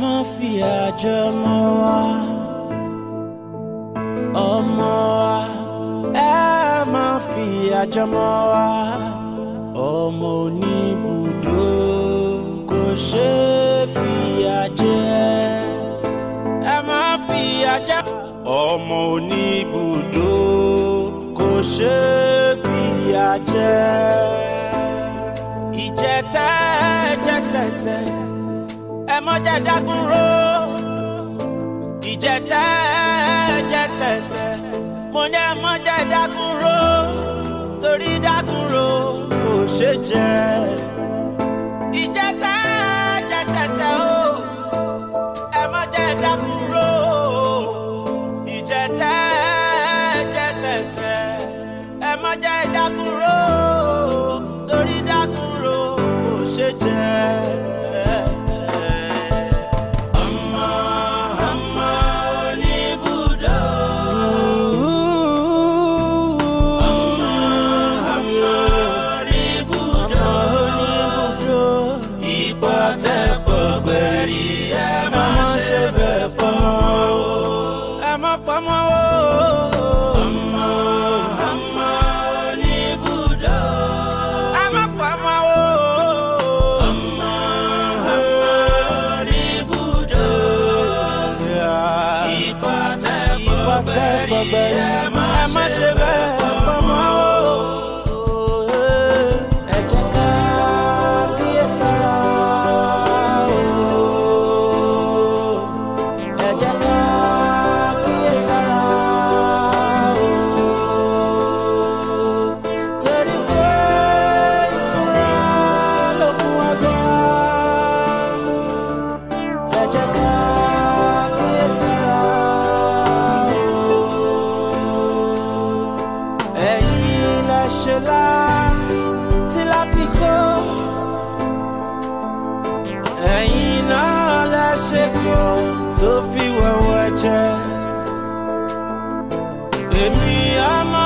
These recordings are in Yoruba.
má fi àjọ mọ́ wa ọmọ wa ẹ má fi àjọ mọ́ wa ọmọ oníbùdó kò ṣe é fi àjẹ ẹ má fi àjẹ. ọmọ oníbùdó kò ṣe fi àjẹ ìjẹta ẹjẹ tẹtẹ ọmọdé dágúnró ìjẹtẹ jẹtẹtẹ mo ní ọmọdé dágúnró torí dágúnró kò ṣeé jẹ. ṣèkọ́ tó fi wa jẹ èmi á máa.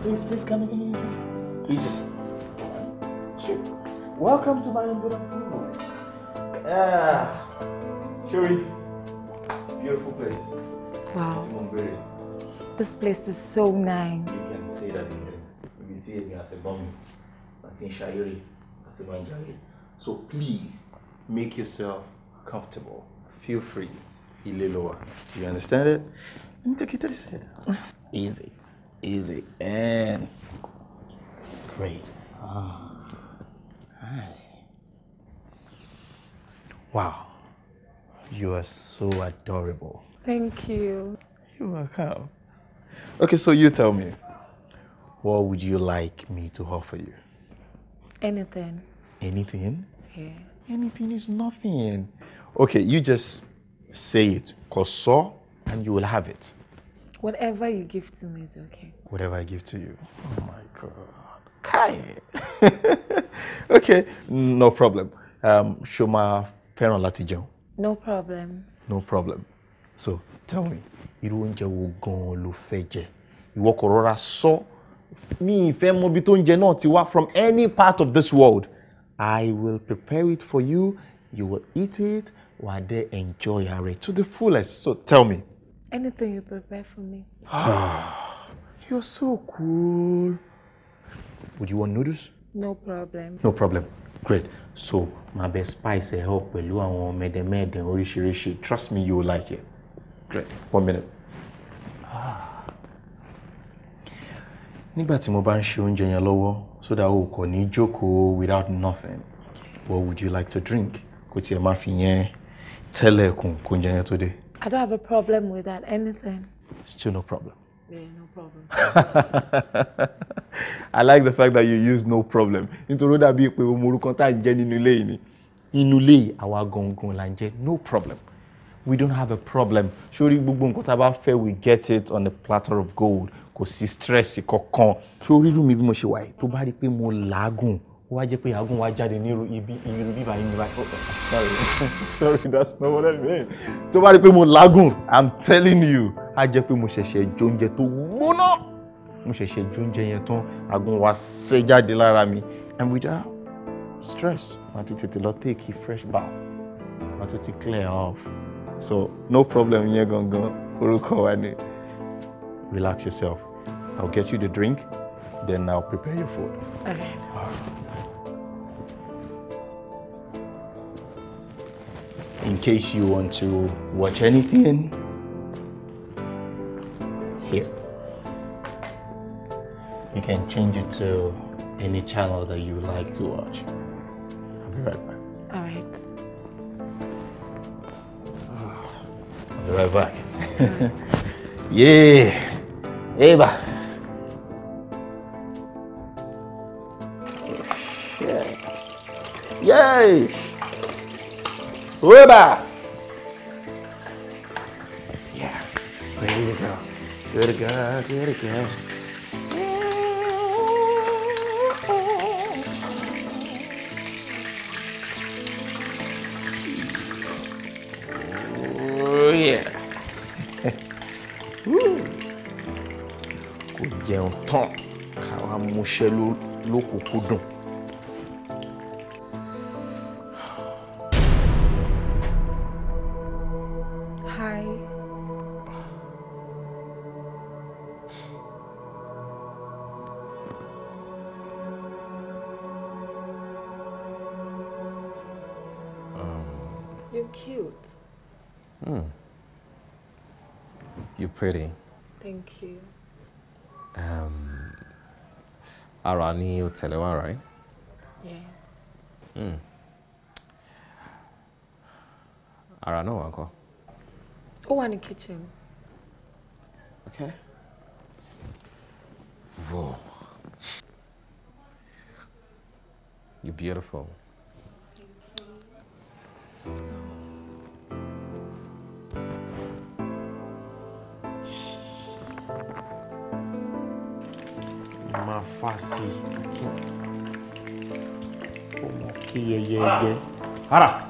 Please, please come in. Easy. Welcome to my beautiful world. Ah, Shuri, beautiful place. Wow. It's Mumbere. This place is so nice. You can say that again. We can say me at the bomb, at in shayuri, at the manjari. So please make yourself comfortable. Feel free. Ileloa. Do you understand it? Let me take you to the side. Ah. Easy easy and great. Hi. Ah. Wow. You are so adorable. Thank you. You're welcome. Okay, so you tell me, what would you like me to offer you? Anything. Anything? Yeah. Anything is nothing. Okay, you just say it, cause so, and you will have it. Whatever you give to me is okay. Whatever I give to you. Oh my God. Kai. okay, no problem. Um, ṣó máa fẹ́ràn láti No problem. No problem. So tell me, irú oúnjẹ wo gan-an ló fẹ́ jẹ? Ìwọ kò rọra sọ mi ìfẹ́ mọ ibi tó ń jẹ ti wá from any part of this world. I will prepare it for you, you will eat it, while they enjoy it to the fullest. So tell me. Anything you prepare for me. Ah, you're so cool. Would you want noodles? No problem. No problem. Great. So, my best spice ẹ̀ help pẹ̀lú àwọn mẹ̀dẹ̀mẹ̀dẹ̀ oríṣiríṣi. Trust me, you will like it. Great. One minute. Nígbà tí mo bá ń ṣe oúnjẹ yẹn lọ́wọ́, so that o kò ní jókòó without nothing. What would you like to drink? Kò tiẹ̀ máa fi yẹn tẹ́lẹ̀kùn kó yẹn tó dé. I don't have a problem with that. Anything. Still no problem. Yeah, no problem. I like the fact that you use no problem. Nítorí ó dàbí pé ọmọ òrukàn tá à ń jẹ́ nínú ilé yìí ni. Inú ilé yìí àwa gangan là ń jẹ́ no problem. We don't have a problem. Sórí gbogbo nǹkan tá a bá fẹ́ we get it on a platter of gold. Kò sí stress kankan. Sórí irú mi bí mo ṣe wà tó bá rí pé mo làágùn wá jẹ́ pé àágùn wa jáde ní irú bíbá yìí ní bá sorry sorry that's not what I mean tó bá rí pé mo lágùn I'm telling you á jẹ́ pé mo ṣẹ̀ṣẹ̀ jóúnjẹ tó gbóná mo ṣẹ̀ṣẹ̀ jóúnjẹ yẹn tán àágùn wa ṣẹ́ jáde lára mi and without stress màá ti tètè lọ take a fresh bath màá tún ti clear off so no problem yẹn gangan orúkọ wa ni relax yourself I'll get you the drink then I'll prepare your food. Okay. All in case you want to watch anything here you can change it to any channel that you like to watch i'll be right back all right i'll be right back yeah eva oh, shit. yay Reba! Yeah, ready to go. Good to go, good to go. Oh yeah. Kò jẹun tán, káwa múṣẹ́ lókùnkúndùn. pretty. Thank you. Um, Arani Otelewa, right? Yes. Hmm. Arano, uncle. Oh, in the kitchen. Okay. Whoa. You're beautiful. Thank you. máa fà sí i ó mọ kí yẹyẹ ẹyẹ ara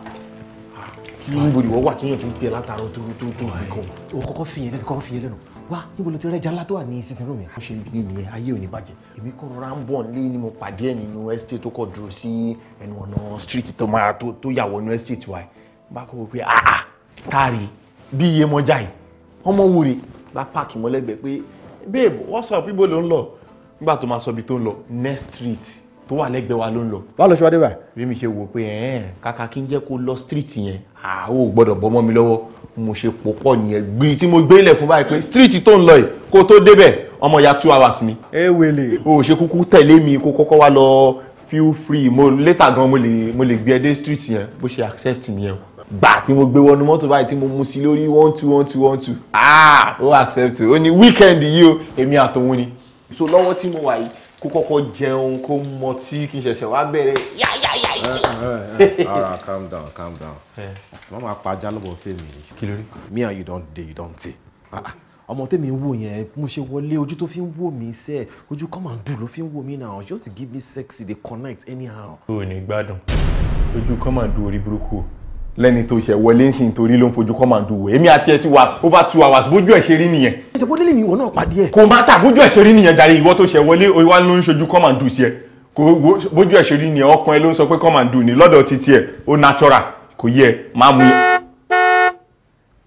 kí ló ń bori wọ́n wà kéèyàn ti ń pè látàárọ̀ tó tó tó fi o kọ́kọ́ fi yẹn lẹ́nu kọ́kọ́ fi yẹn lẹ́nu wá níbo ló ti rẹ́jà ńlá tó wà ní sísìn rúmi. wọ́n ṣe ní nìyẹn ayé ò ní bàjẹ́ èmi kò rọra ń bọ̀ nílé ni mo pàdé ẹ̀ nínú estate tó kọ̀ dúró sí ẹnu ọ̀nà street tó máa tó yàwọ̀ nínú estate wa bá kọ́ pé àà ah, ah, káàrí bí iye mọ́jà yìí ọmọ wúre bá páàkì mọ́lẹ́gbẹ̀ẹ́ pé babe what's up nígbà tó máa sọ ibi tó ń lọ next street tó wà lẹ́gbẹ̀ẹ́ wa ló ń lọ. báwo ló ṣe wá dé báyìí. bí mi ṣe wò pé ẹ̀ẹ́n kàkà kí n jẹ́ kó lọ street yẹn àá ò gbọ́dọ̀ bọ́ mọ́ mi lọ́wọ́ mo ṣe pòpọ̀ nìyẹn gbiri tí mo gbé ilẹ̀ fún báyìí pé street tó ń lọ yìí kó tó débẹ̀ ọmọ ya two hours ni. ẹ wele. o ṣe kúkú tẹ̀lé mi kó kọ́kọ́ wá lọ feel free mo later gan mo lè mo lè gbé ẹ dé street yẹn bó ṣe accept mi yẹn gbà tí mo gbé wọnú mọ́tò báyìí tí mo mu sí lórí one two one two one two ah ó accept ó ní weekend yìí o èmi àtòun ni so lọ́wọ́ tí mo wà yìí kó kọ́kọ́ jẹun kó mọtí kí n ṣẹ̀ṣẹ̀ wá bẹ̀rẹ̀ yáyáyáyá. Eh, eh, eh. all right calm down calm down àsìmọ́ máa pa ajá lọ́wọ́ fèmí yìí kí ló rí me and you don dey you don tey ah, ah. ọmọ tèmi ń wò yẹn mo ṣe wọlé ojú tó fi ń wò mí sẹ ojú kan máa ń dùn ló fi ń wò mí náà just give me sexy dey connect anyhow. o ò ní gbádùn ojú kan máa ń dùn orí burúkú o lẹ́ni tó ṣẹ̀ wọlé ń sìn torí ló ń fojú kọ́màndù wò èmi àti ẹ ti wà over two hours bójú ẹ̀ ṣe rí nìyẹn. ìṣèpọ̀ délé ni ìwọ náà pàdé ẹ̀. kò má tà bójú ẹ̀ ṣe rí nìyẹn jàre ìwọ tó ṣẹ̀ wọlé wá ló ń ṣojú kọ́màndù sí ẹ kò bójú ẹ̀ ṣe rí nìyẹn ọkàn ẹ ló ń sọ pé kọ́màndù ni lọ́dọ̀ ti tiẹ̀ ó natural kò yẹ máa mú.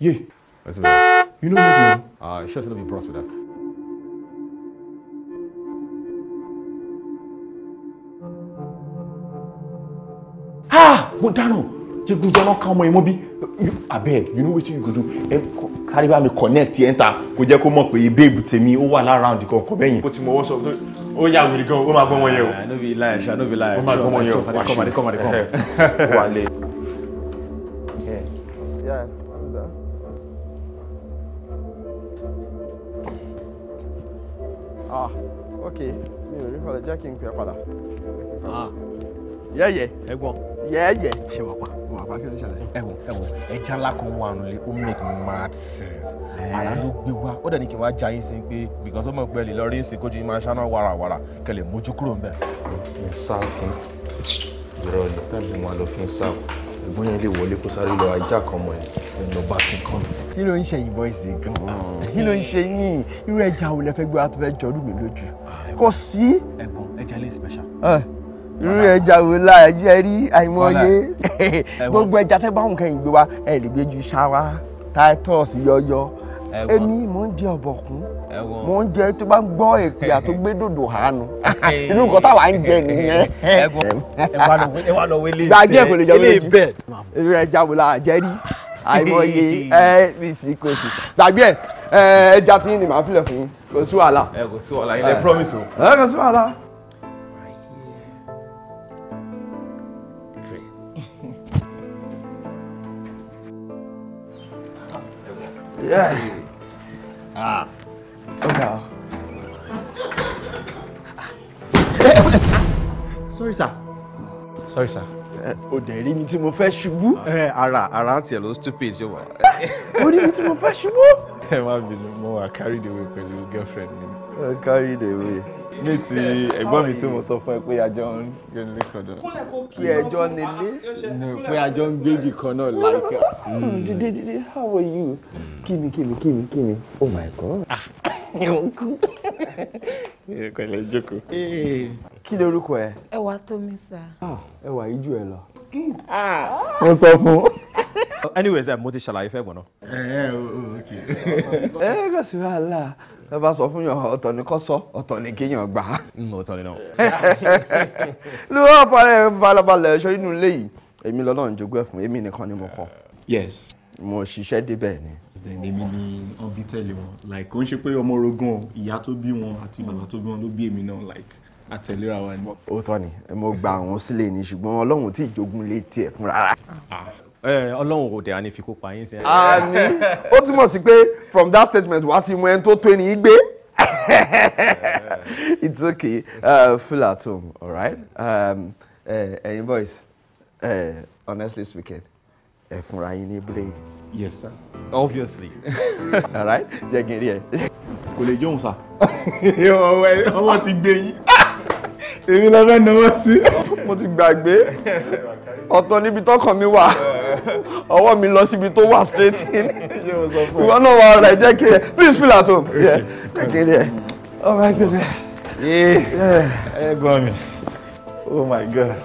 yé you know what i mean. Uh, sure to be bros ah mo dáná jigun jọ́nà kan ọmọ yẹn mọ́ bí abeg you know wetin you go do ẹ sáré bá mi connect enter kò jẹ́ kó mọ̀ pé babe tèmi ó wà lára round kankan bẹ́yìn. ó ti mọ wọ́sọ̀ ó yà wìrì gan ó máa gbọ́ wọn yẹn o. no be lie ṣá no be lie. ó máa gbọ́ wọn yẹn o wàá ṣe kọ́mọdé kọ́mọdé kọ́mọdé. wà á lè. ah ok mi ò rí padà jẹ́ kí n pè é padà yẹ́yẹ́ ẹ̀gbọ́n yẹ́yẹ́ ṣe wà pa wà pa kí ló ń ṣẹlẹ̀. ẹ wo ẹ wo ẹja ńlá kan wà nílé ó make mad sense ara eh. ló gbé wá ó dẹ̀ kí n wá já yín sí pé because ó mọ̀ pé ẹ lè lọ rí ìsìn kójú yín máa ṣáná wàràwàrà kẹ lè mójú kúrò ń bẹ̀. mo sá fún ìrọ̀ ní pẹ́ẹ́bù wọn ló fi ń sá ẹ̀gbọ́n yẹn lè wọlé kó sáré lọ ajá kan mọ̀ ẹ̀ ẹ̀ lọ bá ti kàn mí kí ló ń ṣe ìbọn ìsìn gan-an mm. kí ló ń ṣe yín irú ẹja wo lẹ fẹ́ gbé wa tó fẹ́ jọrú mi lójú ah, kò sí. ẹ̀gbọ́n ẹja lè special. Eh irú ẹja wo la ẹjẹ rí àìmọye gbogbo ẹja tẹ báwọn kẹyìn gbé wa ẹ lè gbé ju ṣáwa titus yọyọ èmi mò ń jẹ ọ̀bọ̀kún mò ń jẹ tó bá ń gbọ́ èpè àtúgbé dòdò àánú inú nǹkan táwa ń jẹ nìyẹn. ẹ wá lọ wọlé ìsẹ ilé ìbẹ. irú ẹja wo la jẹ rí àìmọye ẹ bí sí kò sí gbàgbé ẹ ẹja tí ni màá filẹ̀ fún yín kò sí wàhálà. ẹ kò sí wàhálà ilẹ̀ promise o. ẹ kò sí wàhálà. ọ̀gá o. sorry sir. sorry sir. o dẹ̀ rí mi tí mo fẹ́ ṣubú. ara ara tiẹ̀ ló stupid ṣe wà. o rí mi tí mo fẹ́ ṣubú. ẹ má bínú mo wà carried away your girlfriend mi. carried away ní ti ẹ̀gbọ́n mi tí mo sọ fún ẹ pé àjọ ń gbé nílé kan náà. pé ẹjọ́ ah, nílé. no pé àjọ ń gbé ibì kan náà láìka. dídí hmm. dídí how are you? kí mi kí mi kí mi kí mi oh my god. Ah. yòókù. ìrẹ̀kọ̀lẹ̀ jókòó. Eh. kí lorúkọ ẹ. ẹwà tómi sá. Ah, ẹwà yìí jù ẹ lọ. mo sọ fún anyways eh, mo ti ṣàlàyé fẹ́ gbọ́n náà. ẹ eh, ẹ oh, oh, ok. ẹ kò sí wàhálà ẹ bá sọ fún yàn ọ̀tọ̀ ni kò sọ ọ̀tọ̀ ni kéèyàn gbà á. Mm, ọ̀tọ̀ ni náà. lóò fọlẹ́ balabalẹ̀ ṣọ́ inú ilé yìí èmi lọ́nà ń jogún ẹ̀ fún èmi nìkan ni mo kọ́. yes. mo ṣiṣẹ́ débẹ̀ ni. èmi ni wọ́n tẹ̀lé wọn like ó ń ṣe pé ọmọ orogun o ìyá tó bí wọn àti bàbá tó bí wọn ló bí èmi náà like àtẹ̀léra wa ni. ó tọ́ ni mo gba àwọn sílẹ̀ ni ṣùgbọ́n ọlọ́run tí ìjogún lè ọlọ́run ò dẹ̀ á ní fi kópa yín sí. àmín ó túmọ̀ sí pé from that statement wàá ti mọ ẹni tó tó ẹni gbé it's okay uh, feel at home all right um, uh, ẹyin boys uh, honestly speaking ẹ fúnra yín ní brain. yes sir obviously. all right jẹ́ kí n rí ẹ. kò lè jóun sá. ọwọ́ ti gbé yín èmi lọ fẹ́ náwó sí. mo ti gbàgbé ọ̀tọ̀ níbi tọkàn mi wà ọwọ́ mi lọ síbi tó wà straight in ìwọ náà wà ọ̀rẹ́ jẹ́ kiri ẹ̀ please feel at home jẹ́ kiri ẹ̀ oh my goodness. ẹ gbọ́ mi oh my god.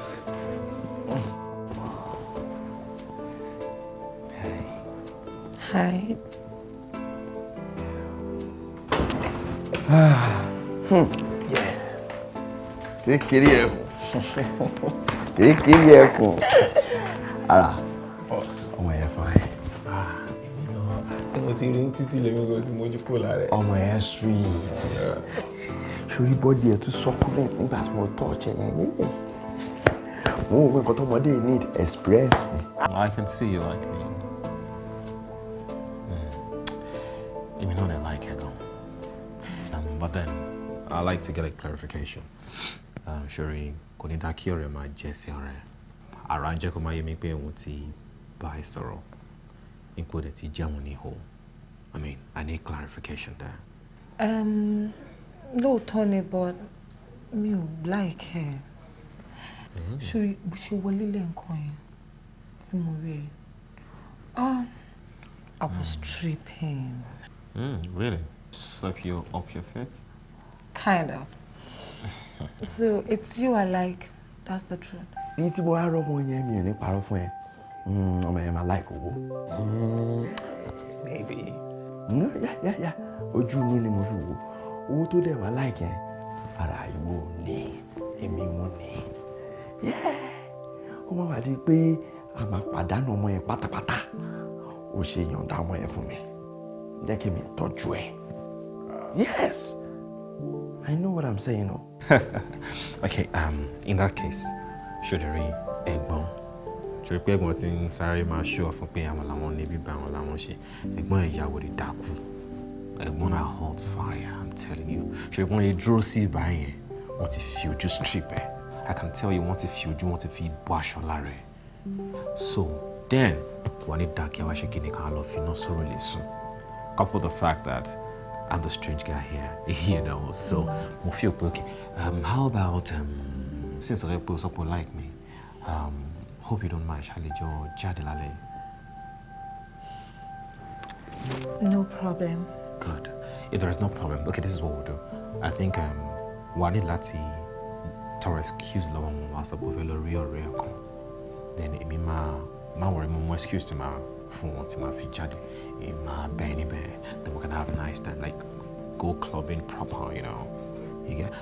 Hi. hmm. Yeah. Kékeré ẹ̀kún. Kékeré Ara ọmọ yẹn fún ẹ. Ah, èmi náà tí mo ti rí títí lèmi kò ti mójú kó lára ẹ. ọmọ yẹn sweet sórí bọ́dì ẹ̀ tún succulent nígbà tí mo tọ̀ ọ̀chẹ́ yẹn nílẹ̀ mo ń wọ nǹkan tó ọmọdé need express I can see you like me. Hmm. èmi náà dẹ̀ like ẹ̀ gan. Um, but then I like to get a clarification. Um, sori kò ní dá kí ọ̀rẹ́ máa jẹ́ sí ọ̀rẹ́ àrà ń jẹ́ kó máa yé mi pé òun ti By sorrow, sọ̀rọ̀ nípa ọ̀dẹ̀ ti jẹun ní I mean I need clarification there. Um, no, Tony, but me, like her. She, she lẹ́ǹkan yẹn tí mo rí ẹ um, I was mm. tripping. Mm, really? So you up your feet? Kind of. so it's you I like that's the truth. èyí tí mo wá rọ́mọ yẹn mi ò ọmọ yẹn máa láì kówó. maybe. yá mm, yeah, yeah, ojú mi ni mo fi wò owó tó dẹ̀ máa láì kẹ́ ara ìwọ ni èmi mo ni ó máa wà di pé a máa pàdánù ọmọ yẹn pátápátá ó ṣe yọ̀ǹda ọmọ yẹn fún mi jẹ́ kí mi tọ́jú ẹ̀ yes I know what I'm saying o. okay um, in that case ṣòdìrí ẹ̀gbọ́n torí pé ẹ̀gbọ́n ti ń sáré máa ṣú ọ fún pé àwọn làwọn níbí bá àwọn làwọn ṣe ẹ̀gbọ́n ìyàwó rẹ̀ dákú ẹ̀gbọ́n náà hot fire i'm telling you ṣùgbọ́n yẹn dúró sí ìbá yẹn wọ́n ti fi ojú strip ẹ̀ i can tell you wọ́n ti fi ojú wọ́n ti fi bọ́ aṣọ lára ẹ̀ so then wọ́n ní dákẹ́ wá ṣe kí ni ká lọ fi iná sọ̀rọ̀ lè sùn couple the fact that i'm the strange guy here you know so mo fi okay um, how about um, since ọ̀rẹ́ pé o like me. Um, Hope you don't mind, ṣàlejò jáde jadilale. No problem. Good. If there is no problem, okay, this is what we'll do. I think um, wà ní láti tọrọ excuse long, wọn wá sọ pé fẹ́ lọ rí ọ̀rẹ́ ẹ̀ Then èmi máa máa wọ̀rẹ́ mo mú excuse to máa fún wọn tí máa fi jáde. Èmi máa bẹ́ẹ̀ níbẹ̀. Then we can have a nice time, like go clubbing proper, you know. You get?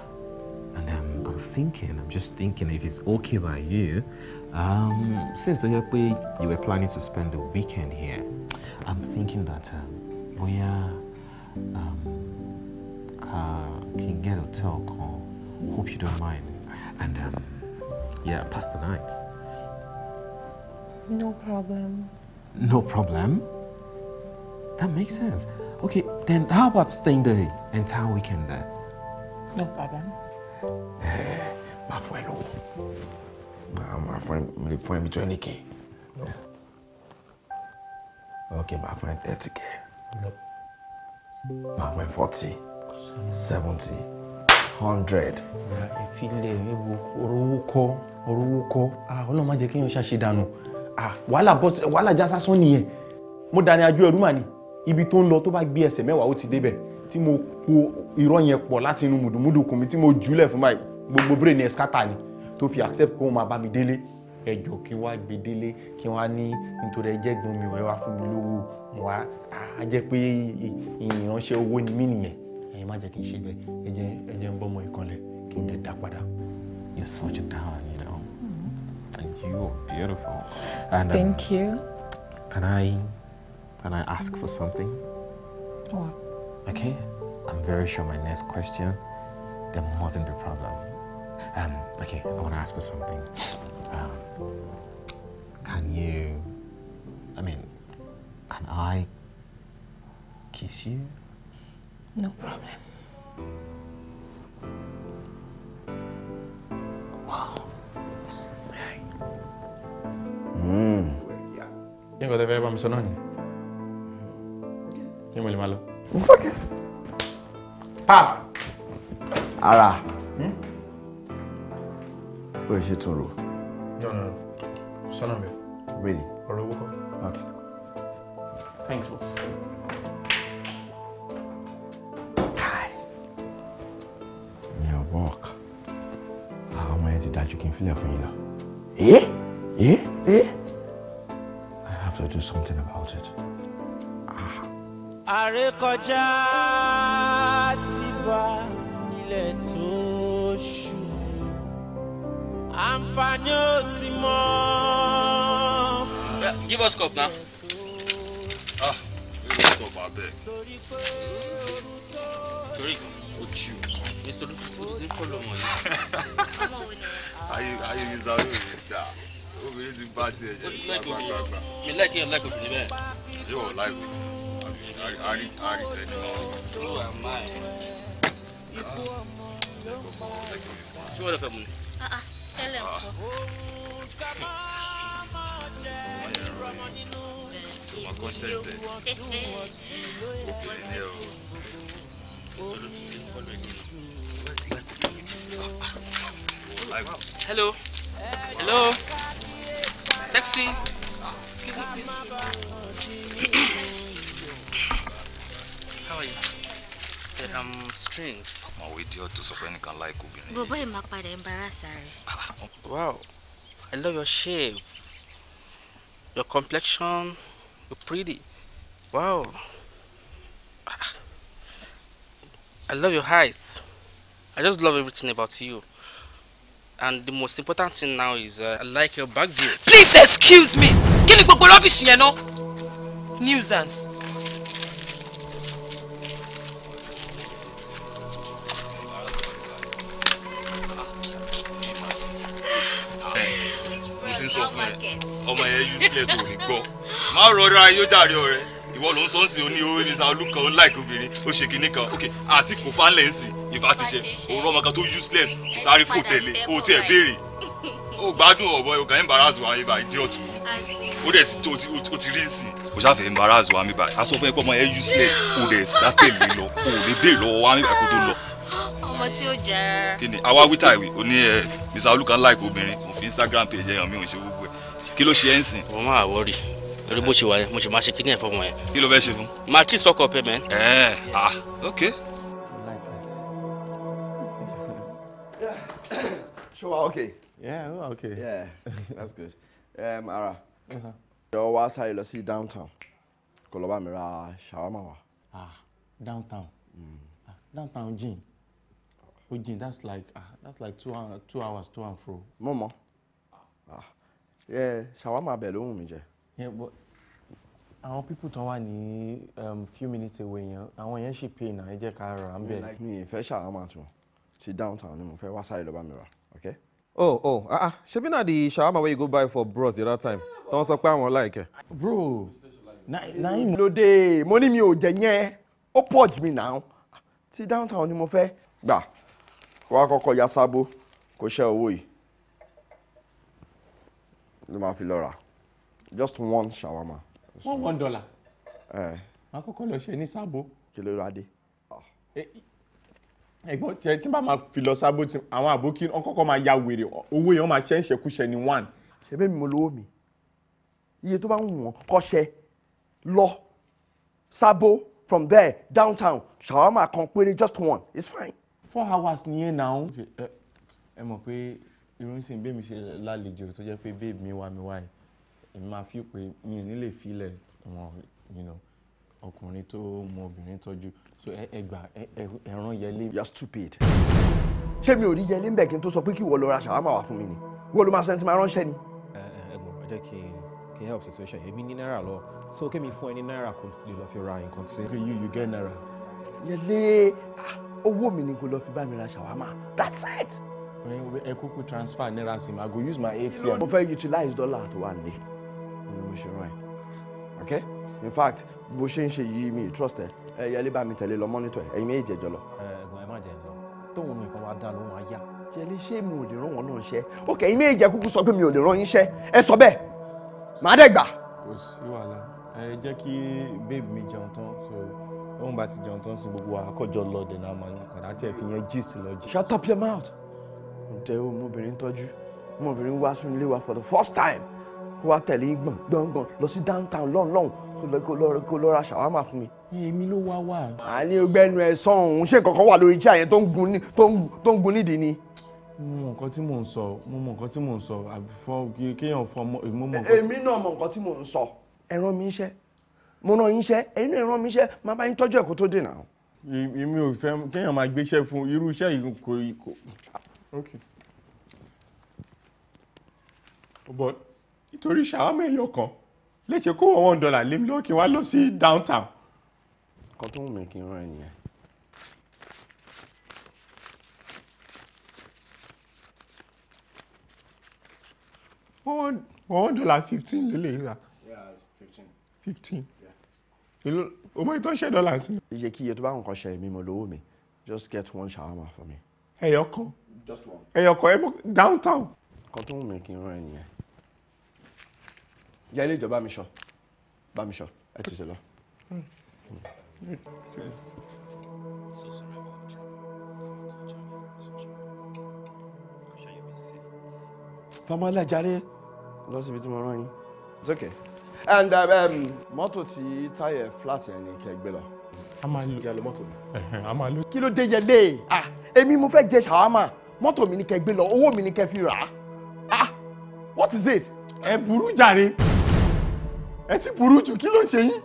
And um, I'm thinking, I'm just thinking if it's okay by you, um, since the way you were planning to spend the weekend here, I'm thinking that uh, um, we are um, can get a hotel call. Hope you don't mind. And um, yeah, pass the night. No problem. No problem. That makes sense. Okay, then how about staying the entire weekend there? No problem. Eh, My friend, my friend lè fún ẹ bí twenty k. ok máa fún ẹ thirty k. máa fún ẹ forty seventy hundred. ìfilẹ̀ ewu orówó kọ́ orówó kọ́ ọlọ́run má jẹ́ kéèyàn ṣàṣedànù wàhálà já sásán nìyẹn mo dání Mo dani aju ní ibi tó ń lọ tó bá gbé ẹsẹ̀ mẹ́wàá ó ti débẹ̀ tí mo po irọ́ yẹn pọ̀ láti inú mùdùmùdù kùn mi tí mo jùlẹ̀ fún báyìí gbogbo brain ẹ̀ skátà ni tó fi accept kó máa bá mi délé ẹjọ kí wá gbé délé kí wá ní nítorí ẹjẹ gbọn mi ẹ wá fún mi lówó wá á jẹ pé ìránṣẹ́ owó ni mí nìyẹn ẹ̀yin má jẹ́ kí n ṣe bẹ́ẹ̀ ẹjẹ ẹjẹ ń bọmọ ìkànlẹ̀ kí n lè dá padà. You're such a darling, you know. Mm-hmm. And you are beautiful. And, uh, Thank you. Can I can I ask for something? What? Okay. I'm very sure my next question there mustn't be problem. Um, okay, I want to ask for something. Um, can you, I mean, can I kiss you? No problem. Wow. Hey. Mm. Tengo de ver para mi sononi. Mm. Tengo el malo. Papa. Ara. ó ṣe tún rò. no no no. sọ́nà mi. really. ọ̀rọ̀ owó kọ́. okay. thanks boss. kai your work àwọn ah, ọmọ yẹn ti dájú kí n filẹ̀ fún yín lọ. eh eh eh i have to do something about it. Ah. àrékọjá. Ah. àǹfààní ò sí mọ́. give us cup now. ah give us cup abeg. sori o ju mr lutu o ti dey follow ọmọ yìí. ayé You mi sáré òye dá obìnrin ti bá tiẹ̀ jẹ́ gbàgbàgbà. mi You kéèyàn oh, láì You fi ní You ṣé wọ́n láì wí ari ari tẹni mọ́. tí wọ́n my. fẹ́ mu ni. Hello. Hello. Sexy. Excuse me, please. How are you? There, um, strings. mọ̀wé díẹ̀ tó sọ pé nìkan láìkú obìnrin yìí. bọ̀bọ́ yìí máa padà embarrassed, rẹ̀. wow i love your shape your complexion you're pretty wow i love your height i just love everything about you and the most important thing now is uh, i like your back view. please excuse me kí ni gbogbo rubbish yẹn náà nuisance. ń sọ fún ẹ ọmọ yẹn useless ò ní gbọ́ má rọra yóò jàre ọ̀rẹ́ ìwọ ló ń sọ ń sìn oní orí sa olùkan ó láìkí oh, obìnrin ó ṣe kinní kan ok àti kò fánlẹ̀ ń sìn ìfà ti ṣe òun rọ́ ọmọ kan tó useless kò sáré fò tẹ̀lé o tiẹ̀ béèrè o gbádùn ọ̀bọ ẹ̀ o kàn ń embarrass wa ibà idiot o dẹ̀ o ti rí sí i kò sáfẹ́ embarrass wa mi báyìí a sọ fún ẹ pé ọmọ yẹn useless o dẹ̀ sátẹ̀lé lọ o lè béèrè lọ́wọ́ wa mi báyìí kó tó lọ. ọmọ tí ó jà rárá. kí ni àwa wíta ìwé o ní ẹ eh, mr olùkan láìkí obìnrin fi instagram page ẹ̀yàn mi ò ṣe gbogbo ẹ̀ kí ló ṣe ẹ́ ń sìn. mo máa wọrí orí bó ṣe wà yẹn mo ṣe máa ṣe kíní ẹ̀ fọmọ yẹn. kí ló fẹ́ ṣe fún. ma cheese fọkọ pẹ mẹ. ẹ ah ok. ṣọwa ok. yeah we are okay. yeah that's good. Um, ara jọ wá sáré lọ sí downtown kó lọ bá mi ra shawarma wa. ah downtown mm. ah, downtown jìn ó jìn that's like ah, that's like two, hour, two hours to and fro. mọ̀mọ́. Yeah, bẹ̀ ló wù mí jẹ. àwọn pípù tán wà ní um, few minutes away yẹn àwọn yẹn ṣì pè náà ẹ jẹ́ ká rà á bẹ̀. mi ì fẹ́ ṣàwámà tún ti downtown ni mo fẹ́ wá sáré lọ́ba mi rà oh oh ah ah ṣebí na the shawarma wey you go buy for bros the other time tán sọ pé àwọn láìkẹ. bro na im. lóde mo ní mi ò jẹ yẹn ó pọ̀ jù mí náà downtown ni mo fẹ́ gbà kó wá kọ́kọ́ ya sábó kó ṣẹ́ owó yìí ló máa fi lọ rà just one shawarma. one one dollar. máa kọ́kọ́ lọ ṣe ní sábò. kí ló rà dé. ẹ̀gbọ́n tí tí bá máa fi lọ sábò tí àwọn àbókí ọkọ̀ọ̀kan máa ya wèrè owó yẹn wọ́n máa ṣe ń ṣekúṣe ní one. ṣebí mi mo lówó mi iye tó bá ń wù wọ́n lọ sábò from there downtown shawarma kan péré just one it's fine. four hours nìyẹn náà. ẹ mọ̀ pé ìrúnsìn bẹ́ẹ̀ mi ṣe lálejò tó jẹ́ pé babe mi wá mi wá yìí èmi máa fi pé mi ò ní lè filẹ̀ wọn you know ọkùnrin tó mọ obìnrin tọ́jú so ẹ gbà ẹ rán yẹlé. you are stupid. ṣé mi ò rí yẹlé mbẹ́ kí n tó sọ pé kí wọ́n lọ ra ṣàwámà wá fún mi ni wọ́n ló máa sẹ́ni tí máa ránṣẹ́ ni. ẹ ẹ ẹ̀gbọ́n jẹ́ kí n can help situation èmi ní náírà lọ so kémi fún ẹni náírà kò lè lọ fi ra nǹkan tí. okay you you get náírà. yẹlé ah, owó mi ni kò lọ fi bá mi ra ṣàwámà that's it ẹ kúkú transfer naira sim i go use my atm. mo fẹ́ utilize dollar tó wà ní ọ̀nà mo ṣe rán ẹ ok in fact bó ṣe ń ṣe yìí mi trust ẹ ẹ yẹlé bá mi tẹ̀lé lọ monitor ẹ ẹ̀yin méjì jọ lọ. ẹ̀gbọ́n ẹ má jẹ lọ tóun nìkan wá dá lóhun ayá. yẹlé ṣé mi ò lè rán wọn náà ṣẹ ok ẹ̀yin méjì kúkú sọ pé mi ò lè rán yín ṣẹ ẹ sọ bẹ́ẹ̀ màá dẹ gbà. kò sí wàhálà ẹ jẹ́ kí babe mi jẹun tán so wọn bá ti jẹun tó ń sin gbogbo àkọjọ lọ dènà àmàlà kàdá tí ẹ fi yẹn gist lọ jí. shut up your mouth ǹjẹ́ o ọmọbìnrin tọ́jú ọmọbìnrin wá sínú ilé wa for the first time kó wá tẹ̀lé gbọ̀n gbọ̀ngbọ̀n lọ sí downtown lọ́nlọ́hùn kó lọ ra ṣàwámà fún mi. èmi ló wá wà. a ní ọgbẹ́nu ẹ̀ sàn òun ṣé kankan wà lórí iṣẹ́ yẹn tó ń gun nídìí ni mo mọ nǹkan tí mò ń sọ mo mọ nǹkan tí mò ń sọ àbífọ kéèyàn fọ mo mọ nǹkan tí. èmi náà mọ nǹkan tí mò ń sọ. ẹ rán mi iṣẹ́ mo rán yín iṣẹ́ ẹ̀yin náà ẹ rán mi iṣẹ́ máa bá yín tọ́jú ẹ̀ tó dènà. èmi ò fẹ́ kéèyàn máa gbéṣẹ́ fún irú iṣẹ́ yìí kò okay. but nítorí ṣàwámọ̀ èèyàn kan léṣe kó wọ́n one dollar lé mi lókè wá lọ sí downtown. kan tó ń mú kí n rán ẹnìyẹn. one dollar fifteen lélẹ̀ yìí la. fifteen. èlò ọmọ ìtọ́ ṣẹ́ dọ́là sí. iye kíye tó bá ń kọ́ ṣe mi mo lówó mi just get one shawarma for me. ẹyọ kan. Just one. ẹyọ kọ ẹ mọ downtown. kan tó ń mú mi kí n rán ẹ nìyẹn yẹ ilé ìjọba mi sọ bá mi sọ ẹ tètè lọ. pamọ́lá jàre lọ síbi tí mo rán yín. it's okay and um, um, mọ́tò tí táyà flat yẹn ni kẹ́ gbé lọ. a máa lo kí ló dé yẹlé ah, èmi mo fẹ́ jẹ ṣàwámà mọ́tò mi ni kẹ́ gbé lọ owó mi ni kẹ́ fi rà á ah, what is it. ẹ burú jàre ẹ ti burú jù kí ló ṣe yín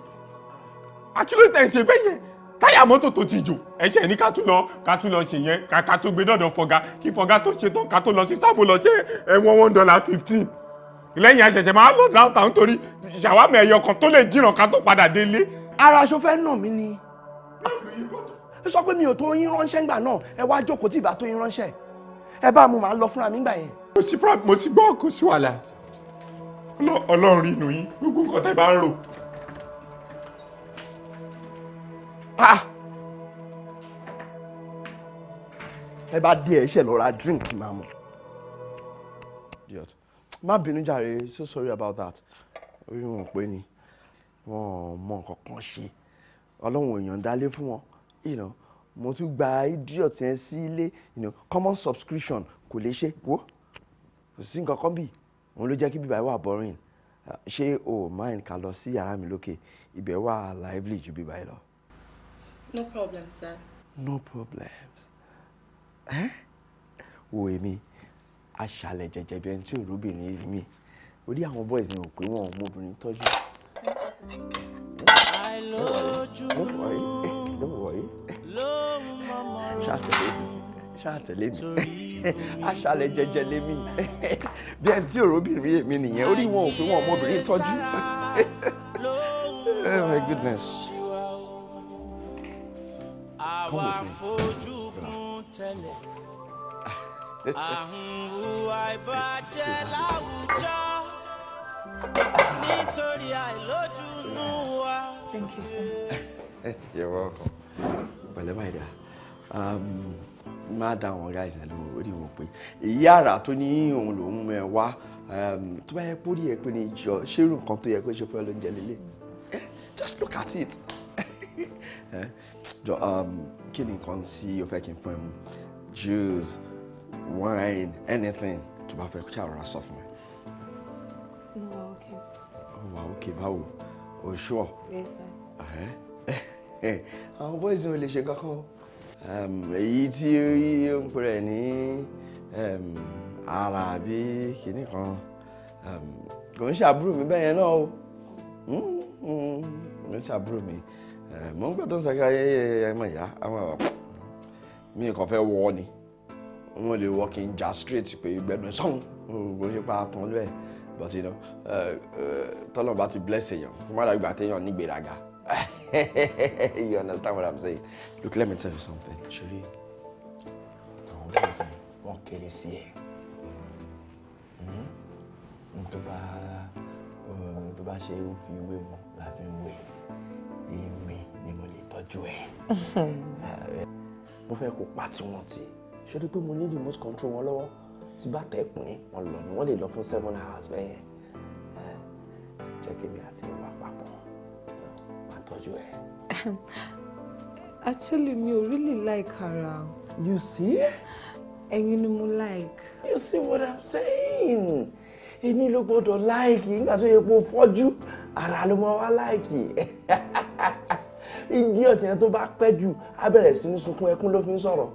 àkílò tẹ̀ ṣe bẹ́ẹ̀ yẹn táyà mọ́tò tó ti jò ẹ̀ṣẹ̀ ní ká tún lọ ká tún lọ ṣe yẹn ká tó gbé dọ̀dọ̀ fọ̀gá kí fọ̀gá tó ṣe tán ká tó lọ sí sáàbò lọ ṣe ẹ̀wọ̀n one dollar fifteen lẹ́yìn àṣẹ̀ṣẹ̀ máa lọ láwùtà nítorí ṣàwámẹ̀ ẹ̀yọ kan tó lè jìràn ká tó padà délé. ara aṣọ fẹ́ nà mí ni ẹ sọ pé mi ò tó yín ránṣẹ́ ńgbà náà ẹ wá jókòó tí ì bá tó yín ránṣẹ́ ẹ bá mu màá lọ fúnra mi gbà yẹn. mo ti mo ti gbọ́ kó sí wàhálà ọlọ́run rí inú yín gbogbo nǹkan tẹ́ bá ń rò. Ah! ẹ bá dín ẹ lọ ra drink máa mu. má bínú jàre so sorry about that orí wọn pé ni wọn ò mọ nǹkan kan ṣe ọlọ́run ò dálé fún wọn mo tún gba idiot yẹn sí ilé common subscription kò lè ṣe wo kò sí nǹkan kan bì òun ló jẹ́ kí bíbá wà boring ṣé o mind ká lọ sí yàrá mi lókè ibẹ̀ wà lively ju bíbá yìí lọ. no problem sir. no problems. Eh? wo èmi aṣàlẹ̀ jẹjẹ bí ẹni tí òróbìnrin rí mi orí àwọn boys ni ò pé wọn ò mú obìnrin tọ́jú don't worry ṣàtẹ̀lé mi ṣàtẹ̀lé mi aṣálẹ̀ jẹ́jẹ́ lé mi bí ẹni tí òróbìnrin èmi nìyẹn ó rí wọn ò pé wọn ọmọbìnrin tọ́jú oh my goodness. àwa fojú kún tẹ́lẹ̀ àhùnwùwà ìbàjẹ́ láwùjọ Thank you, sir. Eh, you're welcome. Pẹ̀lẹ́ máa dà. Um, má dá àwọn guys ẹ̀ lóhùn orí wọn pé yàrá tó ní òun lòún mẹ́ wá um, tó bá yẹ pé ó rí ẹ pé ní ìjọ ṣérù nǹkan tó yẹ pé ṣe fẹ́ ló ń lélẹ̀. Eh, just look at it. Eh, jọ um, kí ni nǹkan tí o fẹ́ kí n fún ẹ mu? Juice, wine, anything tó bá fẹ́ kó ṣàrọ̀ra sọ fún mi. No, okay. Oh, wow, okay, báwo? Oh, sure? Yes, sir. Uh-huh. Eh, àwọn boys ò lè ṣe kankan èyí tí ó ń pèrè ní ara àbí kìnnì kan kò ń ṣàbúrò mi bẹ́ẹ̀ yẹn náà o hmm, hmm, kò ń ṣàbúrò mi mo ń gbà tó ń sàkà ayẹyẹ ẹmọ ìyá àwọn àwọn mi kàn fẹ́ wọ ni wọn lè wọ kí n jà straight pé gbẹdùn sọhún kò ń ṣe pa àtàn lóẹ but you know eh, eh, tọ́lọ́mù bá ti bless èèyàn kó má dàgbà téèyàn nígbèraga. you understand what I'm saying? Look, let me tell you something. Shuri, àwọn ọ̀rẹ́ mi wọ́n kéré sí ẹ̀. Hmm? Tó bá tó bá ṣe fi wé wọn la fi ń wé. Èmi ni mo lè tọ́jú ẹ̀. Mo fẹ́ kó pa tiwọn tì. Ṣé o rí pé mo ní remote control wọn lọ́wọ́? Tí bá tẹ̀ pín wọn lọ ni wọ́n lè lọ fún seven hours bẹ́yẹn. Eh, jẹ́ kí mi àti ìwà papọ̀ tọ́jú ẹ. actually mi ò really like ara. you see. ẹ̀yin ni mo like. you see what i'm saying èmi ló gbọ́dọ̀ láìkì nígbà tó yẹ kó fọ́jú ara ló máa wá láìkì igi ọ̀tí yẹn tó bá pẹ́ jù á bẹ̀rẹ̀ sí ní sunkún ẹkún ló fi ń sọ̀rọ̀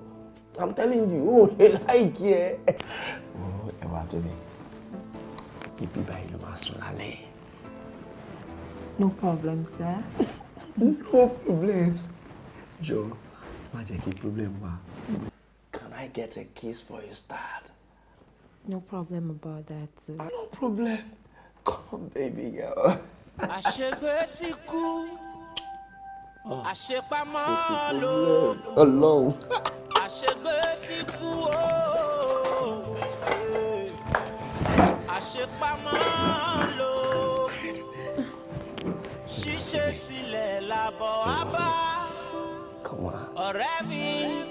i'm telling you ó lè láìkì ẹ. ẹwà tó ní ibi báyìí ló máa sùn lálẹ́. no problem sir no problems Joe. má jẹ́ kí problem wà. can I get a kiss for his dad. no problem about that. Too. no problem come on baby girl. àṣegbè ti kú ah. àṣepamọ́ ló ọlọ́run àṣegbè tilẹ̀ làbọ̀ á bá ọ̀rẹ́ mi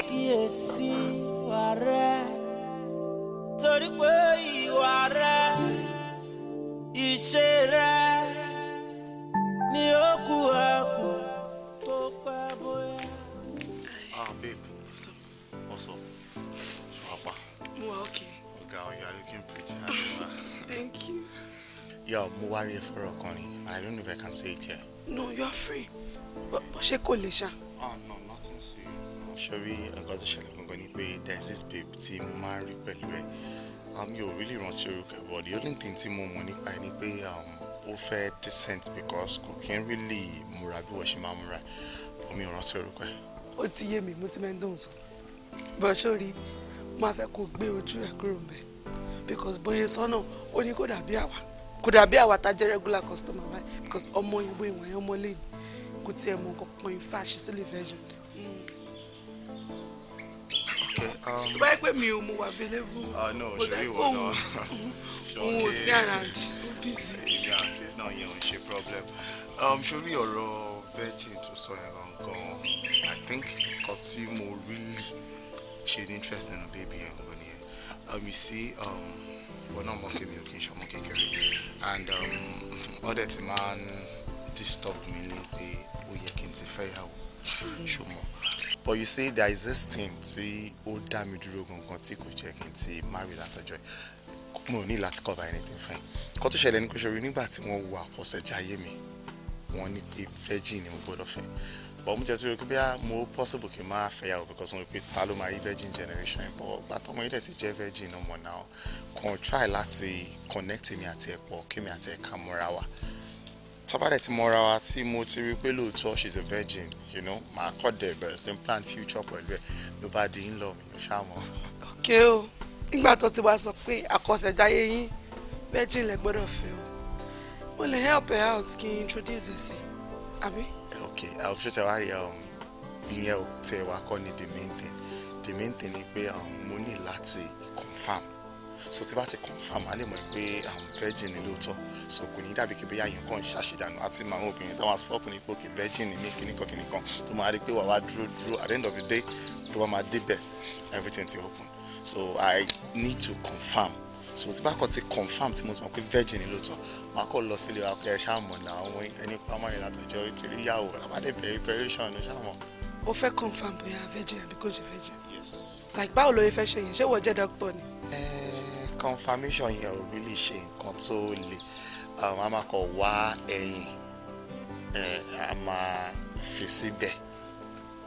kíyèsí wà rẹ̀ torí pé ìwà rẹ̀ ìṣe rẹ̀ ni ó kú ẹkù tó pẹ́ bóyá. ah babe what's up ṣùpàpà. mo wà okay. ọ̀gá oh, you are looking pretty as you are. thank you. yọ mo wá rí ẹ fọ́rọ̀ kan ni i don't know if i can say it here no you are free But but she lè oh no nothing serious. Ah, ṣorí nǹkan got to share ni pé there There's this babe tí mo máa ń rí really ah, want mi ò really but the only thing tí mo mọ̀ nípa ẹ̀ ni pé um, ó decent because kò kí really múra bí wọ́n ṣe máa múra but me, ò rántí orúkọ ẹ̀. ó ti yé mi mo ti mẹ́ ń dùn sọ bọ́ sórí máa fẹ́ kó gbé ojú ẹ̀ kúrò mbẹ́ because bóyá sọ́nà ó ní kó dàbí àwa. Could I be tá a regular customer wa because ọmọ yẹn bóyá ìwọ̀n yẹn ọmọ lè ní kò tiẹ̀ mọ nǹkan kan in fact she's still a virgin. tó bá pé mi ò mo wà available. ah no ṣòwò ìwọ náà òun ò sí around ó busy. èmi àti náà yẹn ò ń ṣe problem ṣorí um, ọ̀rọ̀ virgin to sọ yẹn gan i think nǹkan tí mo really ṣe ní interest nínú baby. yẹn gan-an nìyẹn um, you see um, wọn náà mọ̀ kí mi ò kí n ṣọmọ kékeré and um, ọdẹ ti máa ń disturb mi ní pé ó yẹ kí n ti fẹ́ yàwó ṣùgbọ́n but you see there is this thing tí ó dá mi dúró gangan tí kò jẹ́ kí n ti marry látọjọ́ yìí mo ní láti cover anything fine kó tó ṣẹlẹ̀ ní pé ṣorí nígbà tí wọ́n wo àkọsẹ̀jáyé mi wọ́n ní pé virgin ni mo gbọ́dọ̀ fẹ́ but mo jẹ́ sí pé bí a mo possible kí n máa fẹ́yàwó because wọ́n pe ta ló máa rí virgin generation but gba tọmọ yìí dẹ̀ ti jẹ́ virgin ọmọ náà kàn try láti connect èmi àti ẹ̀pọ̀ kémi àti ẹ̀ka mọ́ra wa tọ́ba dẹ̀ ti mọ́ra wa tí mo ti rí pé lóòótọ́ she a virgin you know màá kọ́ dẹ̀ bẹ̀rẹ̀ sí plan future pẹ̀lú ẹ̀ ló bá di ńlọ mi ó mọ́. ok o nígbà tó ti wá sọ pé àkọsẹ̀jáyé yín virgin lẹ gbọ́dọ̀ fẹ́ o mo lè help her out kí n introduce her. sí àbí okay àwùjọ tẹ wá rí um, ìyẹn ò tẹ wá kọ́ ni the main thing the main thing ni pé um, mo ní láti confam so tí bá ti confam a lè mọ̀ pé um, virgin ni lóòótọ́ so kò ní dàbí kébé yáyàn kan ṣàṣedànù àti màmá obìnrin táwọn asfọ́ọ̀kù ní pòkè virgin ní kíníkan kíníkan tó máa rí pé wàá wá dúró dúró at the end of the day tó bá máa débẹ̀ everything ti open so I need to confirm so tí bá kọ ti confam tí mo sọ pé virgin ló tọ màá kọ lọ sílé wa pé ẹ ṣàmọ náà àwọn ẹni pamọ́ yẹn látọjọ́ ìtìrí yàwó làbádé bẹ̀rẹ̀ preparation ló ṣàmọ. o fẹ́ confam bóyá virgin àbí kò jẹ́ virgin. yes. like báwo ló yẹ fẹ́ ṣe yẹn ṣé wọ́n jẹ́ doctor ni. ẹ confirmation yẹn ò really ṣe nǹkan tó le àwọn a ah, máa kọ wá ẹyin a máa fi síbẹ̀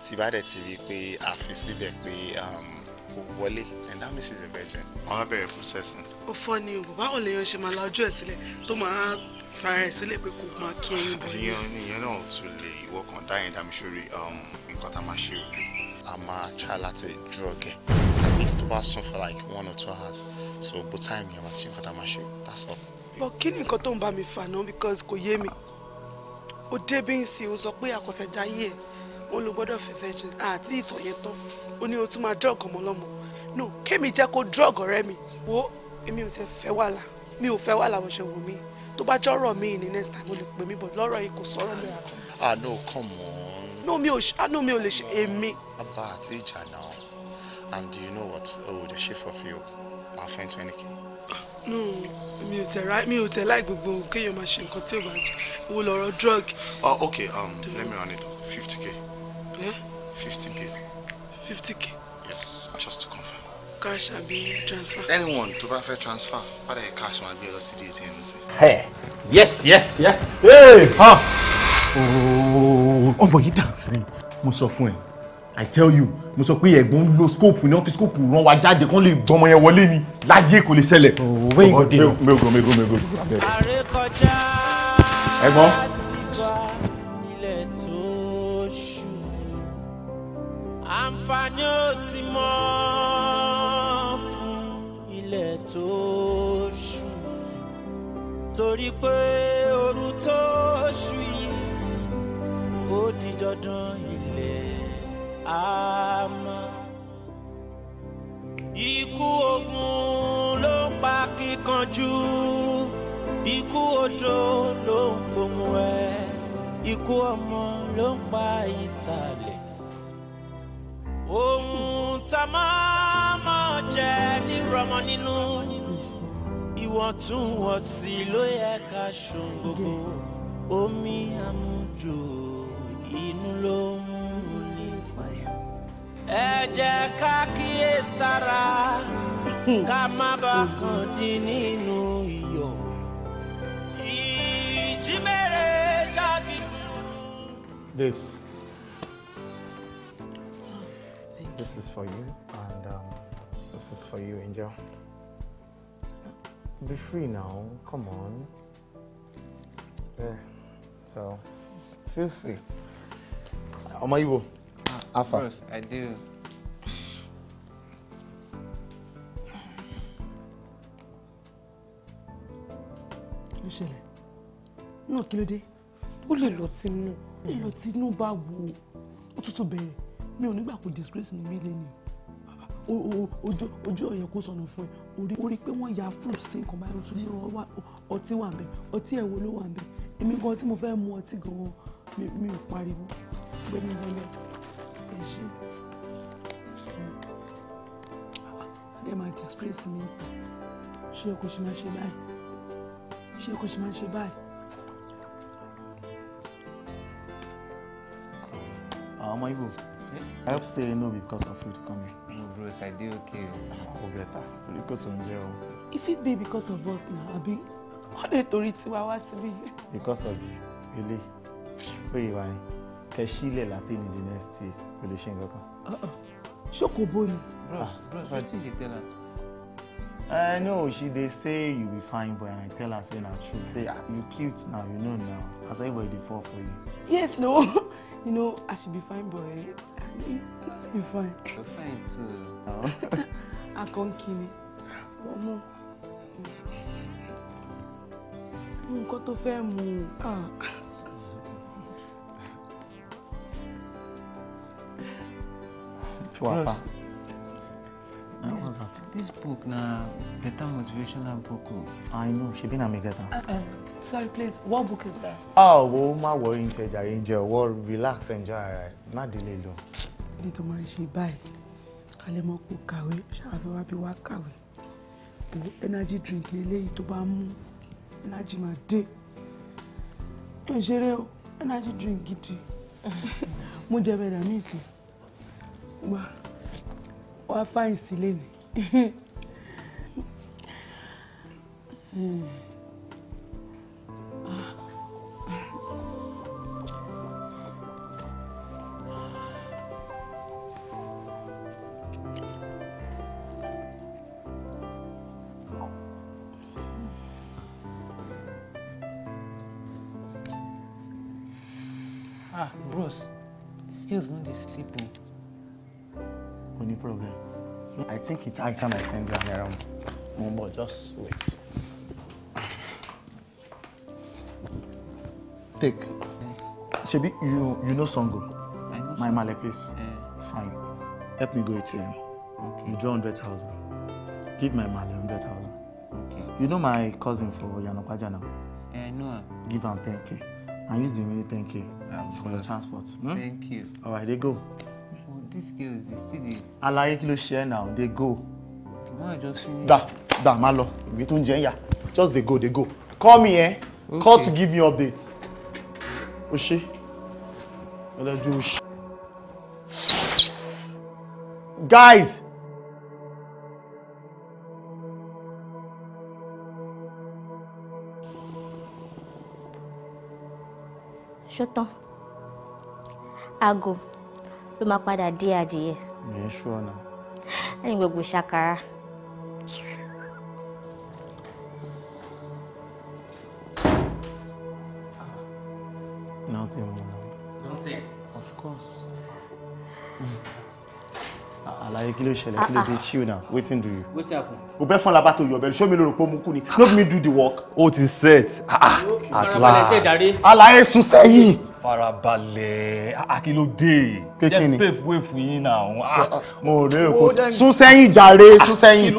tí bá dẹ̀ ti rí i pé a fi síbẹ̀ pé kò um, wọlé that means she's a virgin wọn á bẹ̀rẹ̀ processing. ó fọ́ ni o báwo lèèyàn ṣe máa la ojú ẹ̀ sílẹ̀ tó máa fara ẹ̀ sílẹ̀ pé kò máa kí ẹyin bọ̀ yẹn. ìyẹn náà tún lè ìwọ kan dá yẹn dámi sórí um, nǹkan tá a máa ṣe òde a máa try láti dúró at least tó bá sùn for like one or two hours so bó time yẹn wà tí nǹkan tá a máa ṣe that's all. but kí ni nǹkan tó ń bá mi fà náà because kò yé mi ó débí ń sìn ó sọ pé àkọsẹ̀jáyé ẹ̀ ó ló gbọ́dọ̀ fẹ́ virgin àti ìtọ̀ yẹn tán ó ní o tún máa dé ọ̀gànmọ́ no kémi jẹ́ kó drug ọ̀rẹ́ mi wo èmi ò tẹ fẹ́ wàhálà mi ò fẹ́ wàhálà bọ́sẹ̀ wù mí tó bá jọ́rọ̀ mi ní next time mo lè pè mí bọ̀ lọ́rọ̀ yìí kò sọ̀rọ̀ mi àkọ́. ah no come on. no mi ò àánú ah, mi ò lè ṣe èmi. bàbá àti ìjà náà and do you know what oh the chief of you ma fẹ́ twenty k. no mi ò tẹ̀ mi ò tẹ̀ láì gbogbo kéèyàn máa ṣe nǹkan tí ò bá jẹ́ owó lọ́rọ̀ drug. ah okay um, let me run it fifty k. Eh? fifty bill. fifty k. yes just to cash àbí transfer. anyone tó bá fẹ́ transfer padà yẹ cash máa gbé lọ sí ilé atm sí. yes yes yeah. hey, huh. ọmọ yìí dànsìn mo sọ fún ẹ i tell you mo sọ pé ẹ̀gbọ́n ń lo scope ní ọ́fíìsì scope ràn wá jáde kán lè gbọmọ yẹn wọlé ni láyé kò lè ṣẹlẹ̀. òwe ìgòdè náà mẹ́gbọ̀n mẹ́gbọ̀n mẹ́gbọ̀n. àrékọjá ẹ̀gbọ́n. àǹfààní ò sí mọ́. torí pé ooru tó ṣú yìí ó di dandan ilẹ̀ àmọ́. ikú ogun ló ń pa kíkanjú ikú odò ló ń fòmù ẹ ikú ọmọ ló ń pa ìtàlẹ̀. ohun tá a máa máa jẹ ní rọmọ nínú ìwọ̀ntúnwọ̀nsì ló yẹ ká ṣun omi àmujù inú ló ń múni. ẹ jẹ́ ká kíyè sára ká má bàa kàn dín nínú iyọ̀. ìjímèrè ṣáàbì. babes this is for you and um, this is for you angel. Be free now. Come on. Yeah. So, feel free. Ọmọ Igbo. Afa. Of I do. Kí ló ṣẹlẹ̀? Náà kí ló dé? Ó lè lọ tinú. Ó lè lọ tinú bá wo. Ó tútù bẹ̀rẹ̀. Mi ò nígbà kó disgrace mi lé ni. Ojú ọ̀yẹ́ kó sọnù fún ẹ orí orí pé wọ́n ya fruit sí nǹkan báyìí oṣù nínú ọtí wà bẹ́ẹ̀ ọtí ẹ̀wọ̀ ló wà bẹ́ẹ̀ èmi gan tí mo fẹ́ mu ọtí gan mi ò pariwo gbẹ̀mí gan ẹ ṣe ẹ máa disgrace mi ṣé ẹ kò ṣe máa ṣe báyìí ṣé ẹ kò ṣe máa ṣe báyìí. àwọn ọmọ Igbo I hope say know because of food coming bro ṣe dey okay o. Ah, kò bẹ̀tà torí kò if it be because of us now, abi what lè torí to our síbí. because of you really. oye wa ni kẹ sílẹ̀ láti the next year kò lè ṣe nǹkan kan. Uh-uh. ṣókòbó ni. Ah, bros bros fati dey tell her? I know she They say you be fine boy and I tell her say na true say ah, you cute now you know now as everybody dey fall for you. yes no you know I should be fine boy You must be fine. You're fine too. I can't kill you. Ọmọ. more? tó fẹ́ mu. Ah. Chuapa. This, What was that? This book na better motivational book. I know, she been a me get ah, um, Sorry, please. What book is that? Ah, oh, well, má worry, jàre, ǹjẹ́, well, relax, enjoy, all right. Má delay, though kílé tó máa ń ṣe báyìí kálẹ̀ mọ́ kó kàwé ṣàfẹ́ wá bí wá kàwé bò energy drink eléyìí tó bá mú energy máa dé ẹ̀ o energy drink gidi mo jẹ bẹ̀rẹ̀ mí sí wá wá fáìn sílé ni. Hmm. think it's high time I send you an errand. Mumbo, just wait. Take. Shebi, you you know Songo? I know. My Male, please. Yeah. Fine. Help me go ATM. Okay. You draw 100,000. Give my Male 100,000. Okay. You know my cousin for Yanopaja now? Eh, I know. Give him 10k. And use the remaining 10k um, ah, for your transport. Hmm? Thank you. All right, they go these girls dey still dey. alaye kí ló now dey go. tomorrow just finish. gba gba máa lọ ìwé tó ń jẹ ń yà just dey go dey go call me eh okay. call to give me update. o ṣe ọlọ́jú o ṣe. guys. ṣó tán aago ló máa padà dé adìyẹ. yẹn ṣú ọ̀nà. lẹ́yìn gbogbo ṣàkàrà. náà ti mú un. nonsense. of course. Hmm. àlàyé kí ló ṣẹlẹ̀ kí ló ah, dé ah. chill now wetin do you. wetin happen. o bẹ fún labato yọ bẹ̀rẹ̀ sọmi lórí pọmú kú ni no ah. be me do the work. o ti set at last. àlàyé sún sẹ́yìn farabalẹ̀ akílódé ah, ah, jẹ́ pave way fún yín náà. Ah, mo lérò pé sún sẹ́yìn jàre sún sẹ́yìn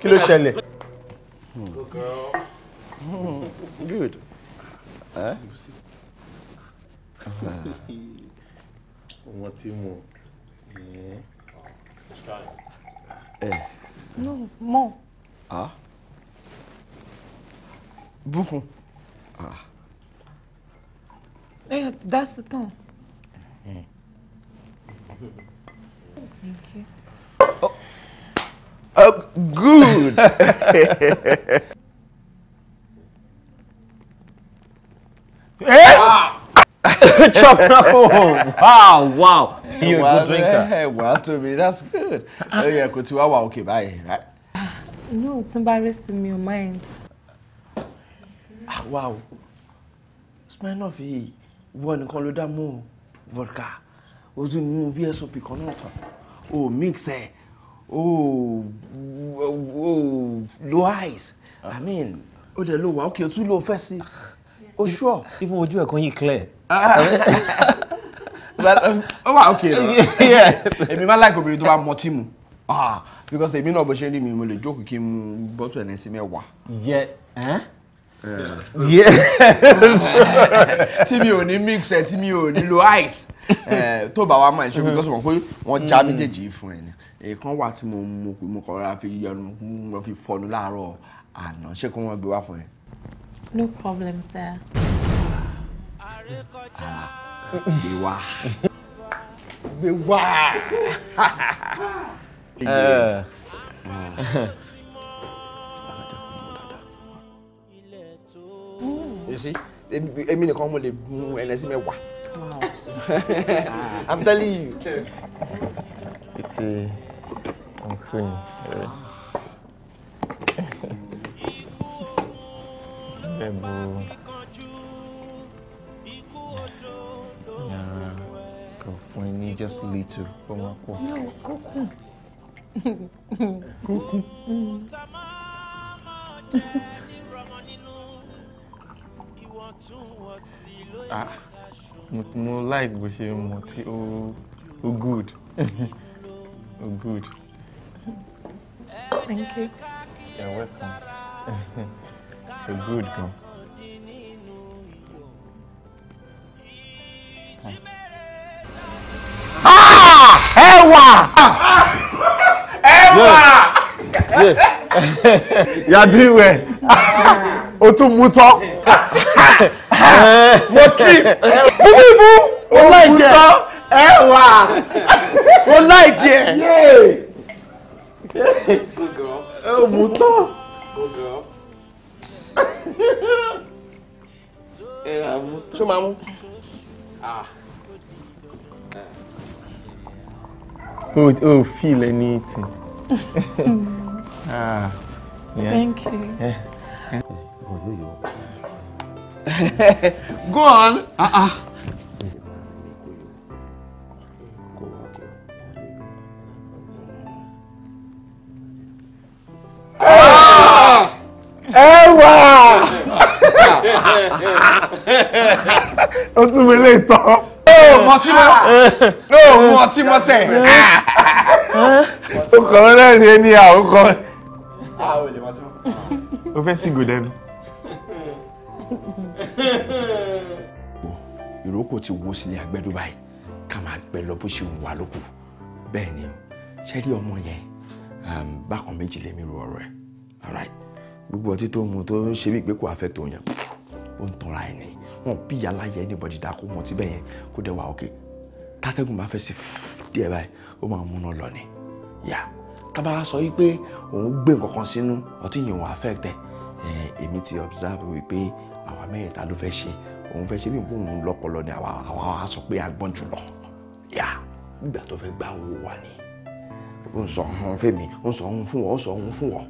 kí ló ṣẹlẹ̀. Hmm. good. wọ́n ti no mọ. bùkún. Ah. Yeah, that's the tone. Mm. Thank you. Oh, oh good. hey! Ah. Chop Wow, wow. You're a well, good drinker. Uh, well, to me, that's good. Oh, yeah, kò tí wá wà okay, bye. Right? No, it's embarrassing your mind. Ah, wow. Smirnoff yìí wọ́n nìkan ló dá mú vodka o tún mú vsop kan náà tán o mix ẹ̀ o o lo ice i mean o dẹ̀ lo wà ókè o tún lo fẹ́ sí o sure. even ojú ẹ̀ kan yìí clear. ó wà ókè rẹ̀ èmi máa láì kòbìnrin tó bá mọtí mu ah, because èmi náà bó ṣe rí mi mo lè jókòó kí n mu bọ́tù ẹ̀ ní sí mẹ́wàá. yẹ ẹ́. tí mi ò ní mix ẹ tí mi ò ní lo ice tó bá wa máa ṣe because wọn pé wọn já mm. méjèèjì fún ẹ ni èèkan wà tí mo mú mo kọ ra fi yọnu mo fi fọnu láàárọ̀ àná ṣé kí wọn gbé wá fún ẹ. no problem sir. Ah, gbé wá gbé wá. you nìkan mo lè gun ẹlẹ́sìn mẹ́wàá ah. i'm telling you. títí nkú ni. bẹ́ẹ̀ bó yàrá kò fún ẹ just little kó máa pọ̀. yóò kókùn. kókùn. ah mo mo like bó ṣe mọ tí ó ó good ó good. thank you. you're welcome. ó good gan. Ah! Ẹwà! Ẹwà! You are doing well. O tún mú tán. mo trip búbí bú mo like it? ẹ wà mo like ẹ. ẹ mú tán. ṣé o máa mú. Oh, oh, feel anything. Hmm. ah, yeah. Thank you. Yeah. Yeah. Oh, yo, yo. Go on. Uh-uh. ẹwà o tún mi lè tọ́. o mọ tí mọ sẹ. Ah, o kàn rẹ́rìn-ín ni àwọn kan. o fẹ́ sìgò lẹ́nu. ìrókò ti wo sílé agbẹ́dú báyìí ká máa gbẹ lọ bó ṣe wà lóko bẹ́ẹ̀ ni ṣé rí ọmọ yẹn bákan méjì lèmi ro ọ̀rọ̀ ẹ̀ gbogbo ọtí tó mu tó ń ṣe bí ìgbé kò afẹ́ tó yẹn ó ń tanra ẹ̀ ní wọn bí aláyẹ anybody dá kó mọ tí bẹ́ẹ̀ yẹn kó dẹ̀ wá òkè tátẹ́gùn bá fẹ́ sí díẹ̀ báyìí ó máa múná lọ ni yá tábà sọ yìí pé òun gbé nǹkan kan sínú ọtí yẹn òun affect ẹ̀ èmi ti observe wípé àwa mẹ́rẹ̀ẹ̀ta ló fẹ́ ṣe òun fẹ́ ṣe bí òun lọ́pọlọ ni àwa àwa sọ pé a jùlọ yá nígbà tó fẹ́ gbà owó wa ni ó ń sọ ọ̀hún fèmí ó ń sọ ọ̀hún fún wọn ó ń sọ ọ̀hún fún wọn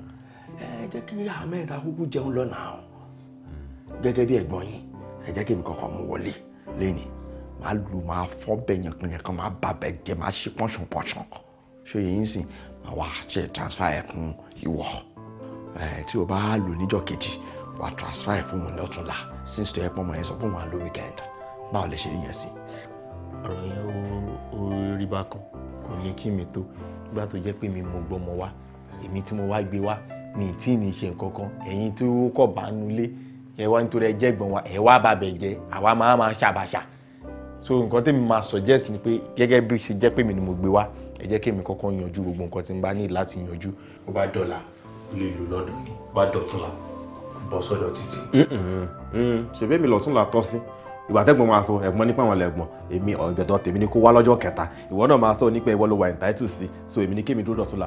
ẹ jẹ́ kí àwa mẹ́rẹ̀ẹ̀ta kúkú jẹun lọ́nà àwọn gẹ́gẹ́ bí ẹ̀gbọ́n yín ẹ jẹ́ kí èmi kọ́kọ́ mú wọlé lẹ́ni máa lu máa fọ́ bẹ̀yẹn kan yẹn kan máa bàbẹ̀ jẹ́ máa ṣe pọ́nṣán pọ́nṣán ṣé yìí sìn máa wá ṣe transfer ẹ̀kún ìwọ ẹ̀ tí o bá lò níjọ́ kejì wà á transfer ẹ̀ fún wọn lọ́túnla since tó yẹ pọ́nmọ yẹn sọ pé wọ́n á lo weekend báwo lè ṣe rí yẹn sí. ọ̀rọ̀ yẹn ó rí bákan kò ní kí mi tó nígbà tó jẹ́ pé mi mo gbọ́mọ wá èmi tí mo wá gbé wá mi ì tí ì ní ṣe nǹkan kan ẹ̀yin tó kọ̀ bá nu lé ẹ wá nítorí ẹ jẹ́ ẹ̀gbọ́n wa ẹ wá bàbẹ̀ jẹ àwa máa máa ṣàbàṣà so nǹkan tèmi máa suggest ni pé gẹ́gẹ́ bí ṣe jẹ́ pé mi ni mo gbé wá ẹ jẹ́ kémi kọ́kọ́ yanjú gbogbo nǹkan tí n bá ní láti yanjú. ó bá dọ̀la ó lè lò lọ́dún yìí ó bá dọ̀tún la bọ́ sọ́dọ̀ títì. Mm. ṣèbí mi lọ́tún la tọ́ sí ìgbà tẹ́gbọ̀n máa sọ ẹ̀gbọ́n nípa àwọn ẹ̀gbọ́n èmi ọ̀gbẹ̀dọ̀ tèmi ni kó wá lọ́jọ́ kẹta ìwọ náà máa sọ nípa ìwọ ló wà entitled sí so èmi ni kémi dúró dọ̀tún la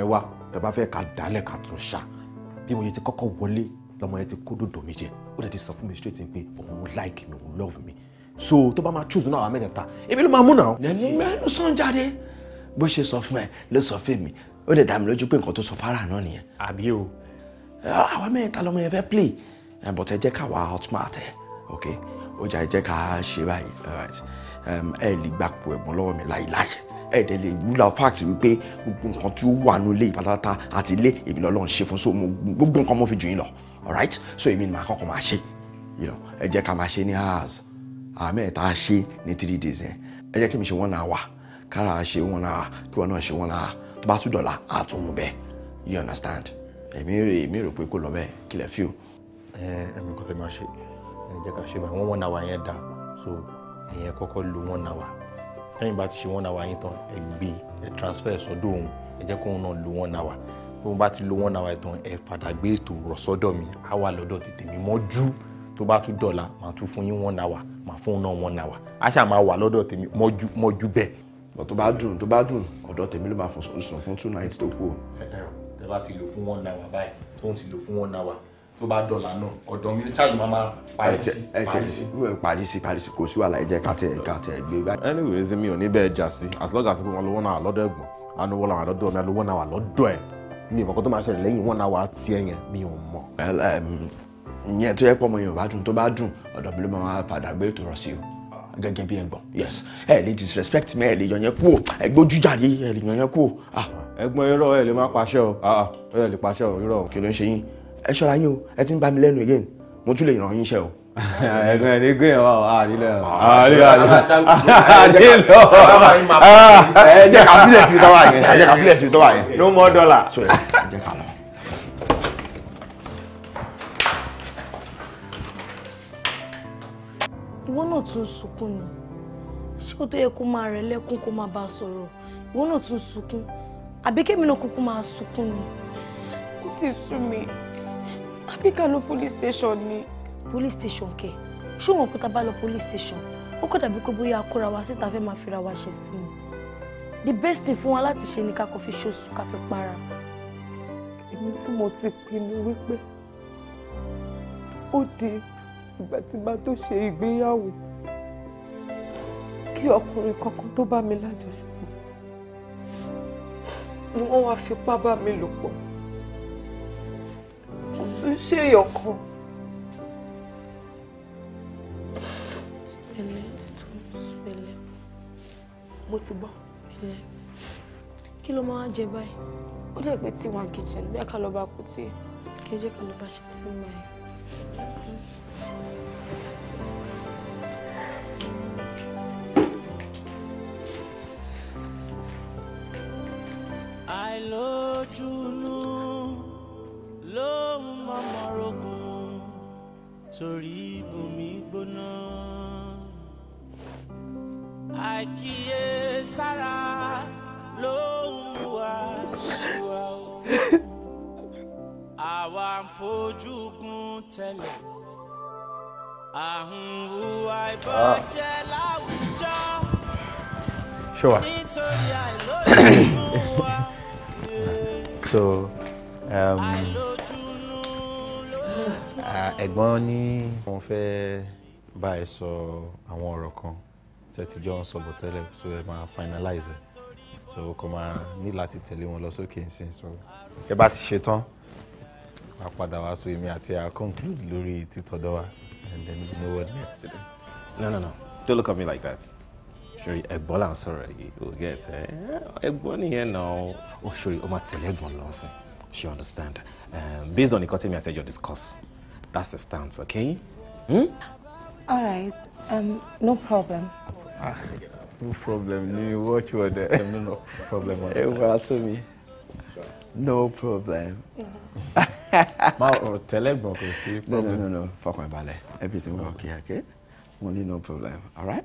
ẹ wá tẹ bá fẹ́ ká dálẹ̀ ká tún ṣá bí mo yẹ ti kọ́kọ́ wọlé lọ́mọ yẹn ti kó dòdò mi jẹ ó dẹ̀ ti sọ fún mi straight pé òun like mi òun love mi so tó bá máa choose náà àwọn mẹ́tẹ̀ẹ̀ta èmi ló máa mú náà. mẹ́nu sàn jáde bó ṣe sọ fún ẹ ló sọ fún Ah, àwa mẹ́ta lọ́mọ yẹn fẹ́ play eh, but ẹ jẹ́ ká wà outsmart ẹ ok ọjà ẹ jẹ́ ká ṣe báyìí ẹ lè gba àpò ẹ̀gbọ́n lọ́wọ́ mi láìláì ẹ dẹ̀ lè wúlò fact wípé gbogbo nǹkan tí ó wà ní ilé ìpàtàkì àti ilé èmi lọ́lọ́ ń ṣe fún so gbogbo nǹkan mo fi jù yín lọ alright so èmi ni màá kọ́kọ́ máa ṣe ẹ jẹ́ ká máa ṣe ní hours àmẹ́ta ṣe ní three days yẹn ẹ jẹ́ kí mi ṣe one hour kára ṣe one hour kí wọn náà ṣe one hour tó bá tún dọ̀la àtúnmú bẹ́ẹ̀ you understand èmi èmi rò pé kò lọ bẹ́ẹ̀ kílẹ̀ fi o. ẹ ẹ mi kò fẹ́ máa ṣe ẹ jẹ́ ká ṣe báyìí wọ́n wọ́n náà wà yẹn dá so ẹ̀yẹn kọ́kọ́ lo wọ́n náà wà tẹ́yìn bá ti ṣe wọ́n náà wà yín tán ẹ gbé ẹ transfer sọ́dọ̀ òun ẹ jẹ́ kóun náà lo wọ́n náà wà tó bá ti lo wọ́n náà wà tán ẹ fàdàgbé ètò rọ̀ sọ́dọ̀ mi á wà lọ́dọ̀ ti tèmi mọ́jú tó bá tún dọ̀la màá tún fún yín wọ́n náà wà màá fún un náà wọ́n náà wà á ṣáà máa wà lọ́dọ̀ tèmi mọ́jú mọ́jú bẹ́ẹ̀. bọ̀ tó bá dùn tó bá dùn ọ̀dọ̀ tèmi ló máa fọ̀sọ̀ sùn fún two nights tó kù. ẹ ẹ bá ti lò fún one hour báyìí tóun ti lò fún one hour tó bá dọ̀là náà ọ̀dọ̀ mi ní ṣáàlù máa máa parisi parisi parisi parisi kò sí wàhálà ẹ jẹ́ ká tẹ̀ ká tẹ̀ gbé. anyways mi ò ní bẹ́ẹ̀ jà sí as long as pé wọ́n lo one hour lọ́dọ̀ ẹ̀gbọ́n àánú wọ́n làwọn lọ́dọ̀ ọ̀nà lo one hour lọ́dọ̀ ẹ̀ mi ìmọ̀ kan tó máa ṣẹlẹ̀ lẹ́yìn one hour tiẹ̀ yẹn mi ò mọ̀. Um, ìyẹn tó yẹ pọ́ ọmọ yẹn ò bá dùn tó bá dùn ọ̀dọ̀ mi ló máa padà gbé ètò rọ̀ sí o gẹ́gẹ́ bí ẹ̀gbọ́n yes ẹ lè disrespect mi ẹ lè yọnyẹn kú o ẹ gbójú jàre ẹ lè yọnyẹn kú o. Ah. ẹ̀gbọ́n irọ́ ẹ lè má paṣẹ o ah, ẹ lè paṣẹ o irọ́. kí ló ń ṣe yín ẹ ṣọ́ra yín o ẹ ti ń bá mi lẹ́nu again mo tún lè ràn yín iṣẹ́ o. ẹ̀gbọ́n ẹni gbé ọ àrílẹ àrílẹ àrílẹ ẹ jẹ́ ká fílẹ̀ sí tọ́wà yẹn ẹ jẹ́ ká fílẹ̀ sí tọ́wà yẹn. no more dollar. ẹ jẹ́ ká lọ. náà tún sunkún ni ṣé ó tó yẹ kó máa rẹ̀ lẹ́kún kó máa bá a sọ̀rọ̀ ìwọ náà tún sunkún àbí kémi náà kúkú máa sunkún ni. ó ti sú mi àbí ká lọ police station ni. police station kẹ ṣé òun òkúta bá lọ police station ó kọ́ dàbí kó bóyá akóra wa síta fẹ́ máa fira wa ṣe sí ni the best thing fún wa láti ṣe ni ká kọ́ fi ṣoṣù ká fi para. èmi tí mo ti pinnu wípé ó di ìgbà tí bá tó ṣe ìgbéyàwó kí ọkùnrin kankan tó bá mi lájọṣepọ̀ ni wọ́n wá fipá bá mi lò pọ̀ kò tún ṣe èèyàn kan. mo ti gbọ́. kí ló máa ń jẹ báyìí. ó dẹ̀ pé tí wọn kìjìn bí a kà lọ́ọ́ bá kú tí. kí ẹ jẹ́ kí ló bá ṣe tí mo máa yẹ. àìlójúnú ló ń mọ́mọ́ rogún torí bùnmi gbóná àìkíyè sára ló ń wá ṣùwà o àwa ń fojú gun tẹ́lẹ̀ àhùn hùwà ìbọ̀jẹ̀ láwùjọ ah. nítorí àìlójúnú so um, ah, ẹ̀gbọ́n ní wọ́n fẹ́ bá ẹ sọ àwọn ọ̀rọ̀ kan tẹ́tíjọ́ ń sọ̀bọ̀ tẹ́lẹ̀ so ẹ máa finalize ẹ̀ so kò máa ní láti tẹ̀lé wọn lọ sókè nsìn so ẹ bá ti ṣe tán a padà wá so èmi àti a conclude lórí títọ́dọ̀ wa and then we know what next to do. no no no don't look at me like that sori ẹ̀gbọ́n là ń sọ̀rọ̀ yìí o get ẹ eh, ẹ̀gbọ́n nìyẹn náà o oh, sori o máa tẹ̀lé ẹ̀gbọ́n lọ sí she understand um, based on the cutting mi àti ẹjọ discuss that's the stance okay. Hmm? all right um, no problem. Ah, no problem ni watch word ẹ no no problem eh, all the time. ewu ato mi no problem. ma o tẹ̀lé ẹ̀gbọ́n kò sí problem. no no no fọkàn balẹ̀ everything will okay okay mo ní no problem all right.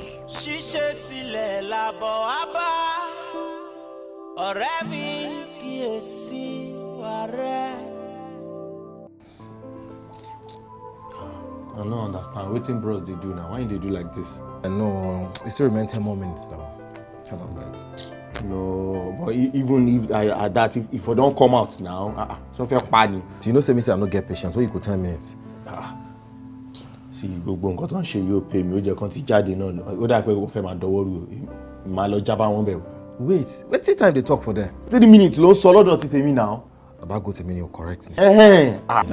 ṣíṣe sílẹ̀ làbọ̀ á bá ọ̀rẹ́ mi kíyèsí wà rẹ̀. I no understand wetin bros dey do now why you dey do like this. I know e still remain ten more minutes now Ten am that. no but e, even if I, I that if, if I don come out now ah, ah so fẹ́ pa ni. you know say me say I no get patience why you go ten minutes. Ah tí gbogbo nǹkan tó ń ṣe yóò pè mí ó jẹ́ kan ti jáde náà ó dà pé ó fẹ́ máa dọwọ́ rú màá lọ jábá wọn bẹ̀rù. wait wetin time dey talk for there. three minutes ló ń sọ lọ́dọ̀ ti tèmi náà. baba go tèmi ni o correct me. ẹhẹn ah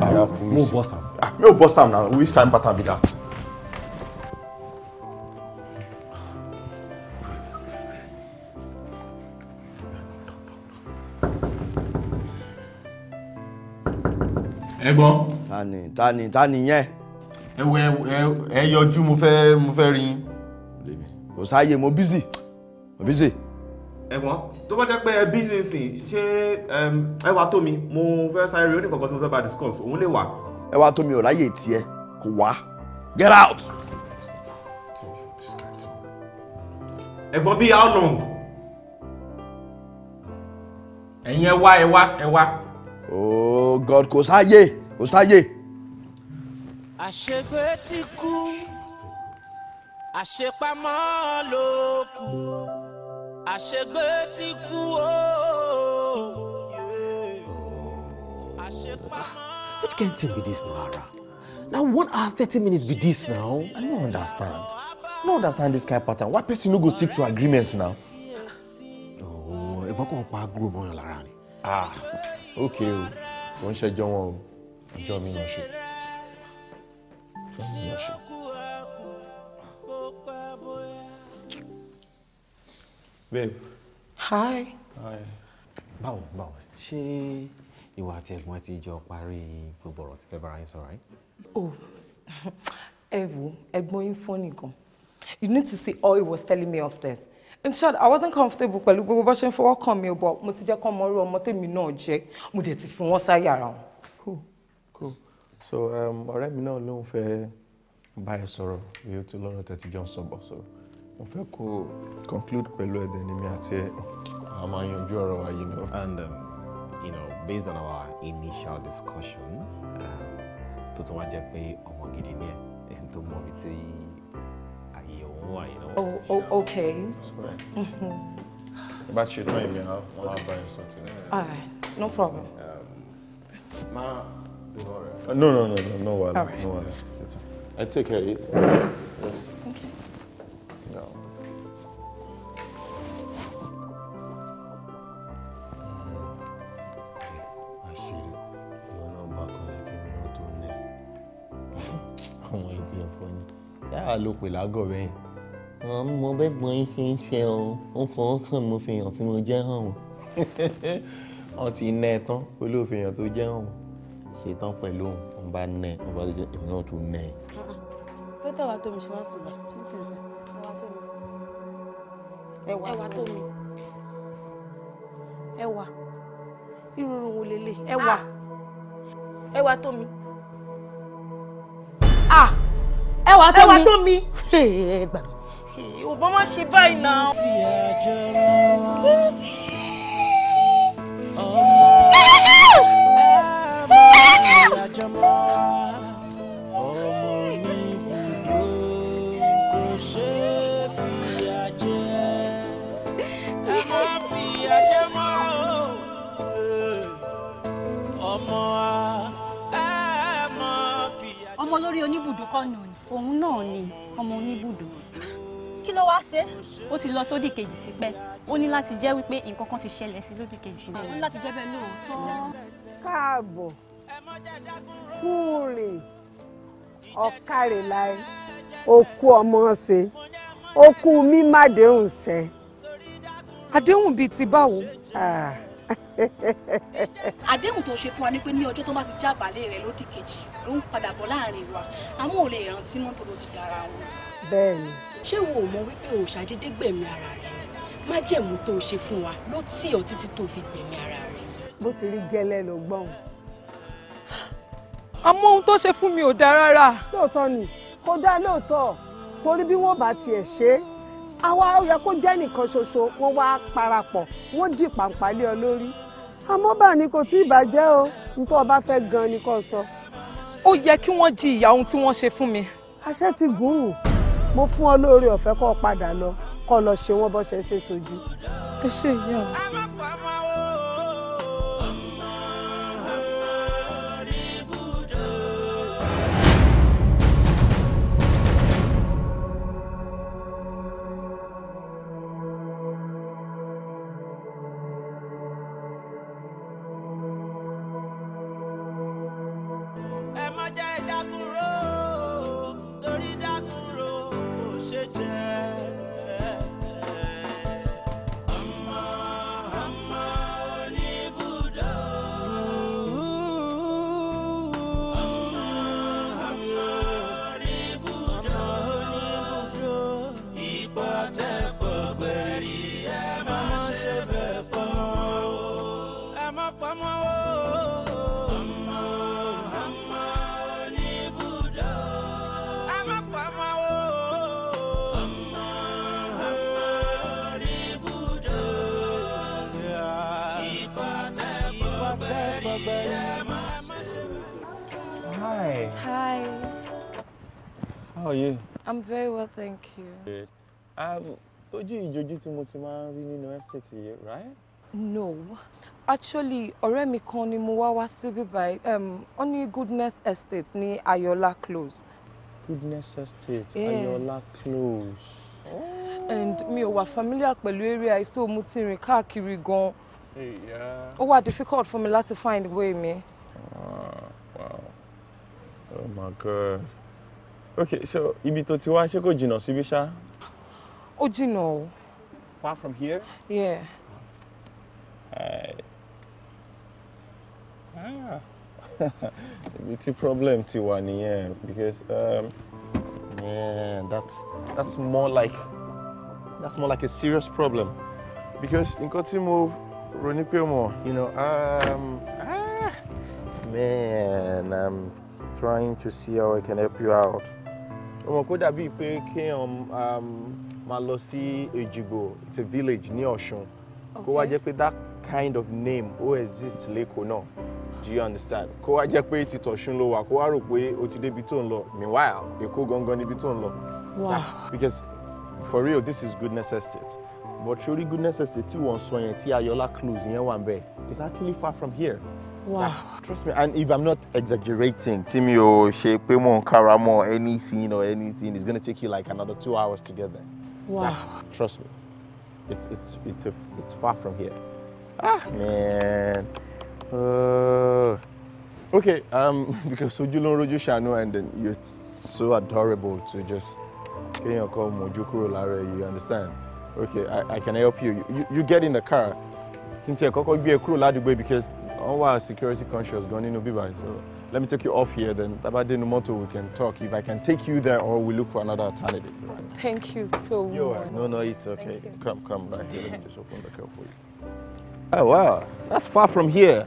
ara fún mi sí ah, mi ò bust am na which kind pattern be that. ẹ̀gbọ́n tani tani tani yẹn. ẹ wo ẹ ẹ yọjú mo fẹ́ mo fẹ́ rí yín. kò sáàyè mo bízì mo bízì. ẹ̀gbọ́n tó bá jẹ́ pé ẹ bízì sìn ṣé ẹ wá tó mi mo fẹ́ sáré rí oníkankan tí mo fẹ́ bá discuss òun lè wà. ẹ wá tó mi ò ráyè tiẹ̀ kò wá get out. ẹ̀gbọ́n bíi how long ẹ̀yin ẹ wá ẹ wá ẹ wá. ooo oh god kò sáàyè kò sáyè. àṣegbé ti kú àṣepamọ́ ló kù àṣegbé ti kú o. Which kind thing be this Nara? Now what are thirty minutes be this now? I don't understand. Don't understand this kind of pattern. Why person no go stick to agreements now? Oh, ẹ bá kàn pa agro mọ́ yàn Ah, okay o, kò ń ṣẹjọ́ wọn ìjọ mi babe. hi. hi. báwo báwo ṣé ìwà àti ẹ̀gbọ́n ti jọ parí gbogbo ọ̀rọ̀ tí fẹ́ bára yín sọ̀rọ̀ yín. o oh. ẹ wo ẹ̀gbọ́n yín fọ́ nìkan you need to see all he was telling me upstairs in short i wasn't comfortable pẹ̀lú gbogbo bó ṣe ń fọwọ́ kàn mí o but mo ti jẹ́ kán mọ́rú ọmọ tèmi náà jẹ́ mo dẹ̀ ti fi wọ́n sáyà ara wọn so um, ọ̀rẹ́ mi náà ló ń fẹ́ bá ẹ sọ̀rọ̀ bí ó ti lọ́rọ̀ tẹ́tí jọ ń sọ̀bọ̀ sọ̀rọ̀ mo fẹ́ kó conclude pẹ̀lú ẹ̀dẹ̀ ni mi àti ẹ̀ a máa yanjú ọ̀rọ̀ wa yìí náà. and um, you know based on our initial discussion um, tó tún wá jẹ́ pé ọmọ gidi ni ẹ ẹni tó mọ̀ mi tí àyè òun wà yìí náà. oh oh mm-hmm. bá a ṣe náà èmi àwọn àbáyọ sọ ti rẹ. all right no problem. Um, Right. Uh, no, no, no, no, no, Wala. Right. No, Wala. I take care of it. Yes. Okay. No. ọmọ ìdí ẹ̀fọ́ ni yàrá ló pè lágọ̀ rẹ̀ mo bẹ́ gbọ́n yín ṣe ń ṣe o ó fọwọ́ kàn mo fi hàn tí mo jẹ́ hàn o wọ́n ti ná ẹ tán olóòfin hàn tó jẹ́ hàn o ṣe pẹ̀lú òun bá nẹ òun bá ṣe èmi náà tún nẹ. tó tẹ̀ wá tó mi ṣe wá sùn bá nísinsìnyí ẹwà tó mi ẹwà ìrùrù wo lélẹ̀ ah! ẹwà ẹwà tó mi ah! ẹwà tó mi ẹwà tó mi ẹgbà. ò bá má ṣe báyìí náà. Jamal. ọmọ lórí oníbùdó kọ́ nù ni. òun náà ni ọmọ oníbùdó. kí ló wá ṣe. ó ti lọ sódì kejì tipẹ́ ó ní láti jẹ́ wípé nǹkan kan ti ṣẹlẹ̀ sí lódì kejì náà. ó ní láti jẹ́ bẹ́ẹ̀ lóòótọ́. káàbọ̀ kúùrìn ọ̀kàrẹ̀láì òkú ọmọ ṣe òkú mímàdéhùn ṣẹ. àdéhùn bíi ti báwo. Ah. àdéhùn tó ṣe fún wa ni pé ní ọjọ́ tó bá ti já balẹ̀ rẹ̀ lódì kejì ló ń padà bọ̀ láàrin wa àmọ́ ò lè rántí mọ́ ló ti dára wọn. bẹ́ẹ̀ni. ṣé wo ò mọ wípé òòṣà dídé gbẹ̀mí ara rẹ̀ májẹ̀mú tó ṣe fún wa ló tì ọ́ títí tó fi gbẹ̀mí ara rẹ̀. bó ti rí gẹ́lẹ́ lọ gbọ́n àmọ́ ohun tó ṣe fún mi ò dáa rárá. lóòótọ́ ni kò dáa lóòótọ́ torí bí wọ́n bá tiẹ̀ ṣe é àwa ó yẹ kó jẹ́ nìkan ṣoṣo wọ́n wá parapọ̀ wọ́n dì pàǹpà lé ọ lórí àmọ́ bá kò tí ì bàjẹ́ o nítorí ọba fẹ́ gan ni kò sọ. ó yẹ kí wọ́n jí ìyà ohun tí wọ́n ṣe fún mi. àṣẹ ti gùn mo fún ọ lóore ọ̀fẹ́ kó padà lọ kó lọ ṣe wọ́n bó ṣe ṣe sójú. ẹ ṣe ìyá o. ojú ìjojú tí mo ti máa ń rí nínú estate yìí right. no actually ọ̀rẹ́ mi kan ni mo wá wá síbí báyìí um, ó ní goodness estate ní ayọ̀lá close. goodness estate yeah. close. Oh. and mi ò wà familiar pẹ̀lú area yìí so mo ti rìn káàkiri gan-an ó wà difficult for me láti find way mi. Ah, oh my god okay so ibi tó ti wá ṣé kò jìnnà síbí ṣá ó jìnnà o. far from here. yeah. Ah. It's a problem ti wà nìyẹn because um, yeah, that's that's more like that's more like a serious problem because in tí mo rò ní you know um, ah, man i'm trying to see how i can help you out. ọmọ kó dàbí pé um máa lọ sí Èjìgbò it's a village ní Ọ̀ṣun kó wá jẹ́ pé that kind of name ó exist lẹ́kọ̀ọ́ náà do you understand kó wá jẹ́ pé ti tọ̀ṣun ló wà kó wá rò pé o ti débi tó ń lọ meanwhile Èkó gangan níbi tó ń lọ. wow because for real this is goodness estate but sori goodness estate tí wọ́n sọ yẹn tí Ayọ̀lá close yẹn wà ń it's actually far from here. Wow. Like, trust me, and if I'm not exaggerating, tí mi ò ṣe pé mo ń kára mọ́ anything or anything, it's gonna take you like another two hours to get there. Wow. Like, trust me, it's it's it's a, it's far from here. Ah man. Uh, okay. Um, because Ojú ló ń rojú ṣàánú and then you're so adorable to just kéèyàn kọ mojú kúrò lára you understand? Okay, I, I can help you. You, you, you get in the car. Kí n tiẹ̀ kọ́kọ́ gbé ẹ kúrò because wọ́n wà security conscious gan nínú bíbá so let me take you off here then tabadenu moto we can talk if i can take you there or we look for another alternative thank you so much You're, no no it's okay come come right here let me just open the cup for you oh wow that's far from here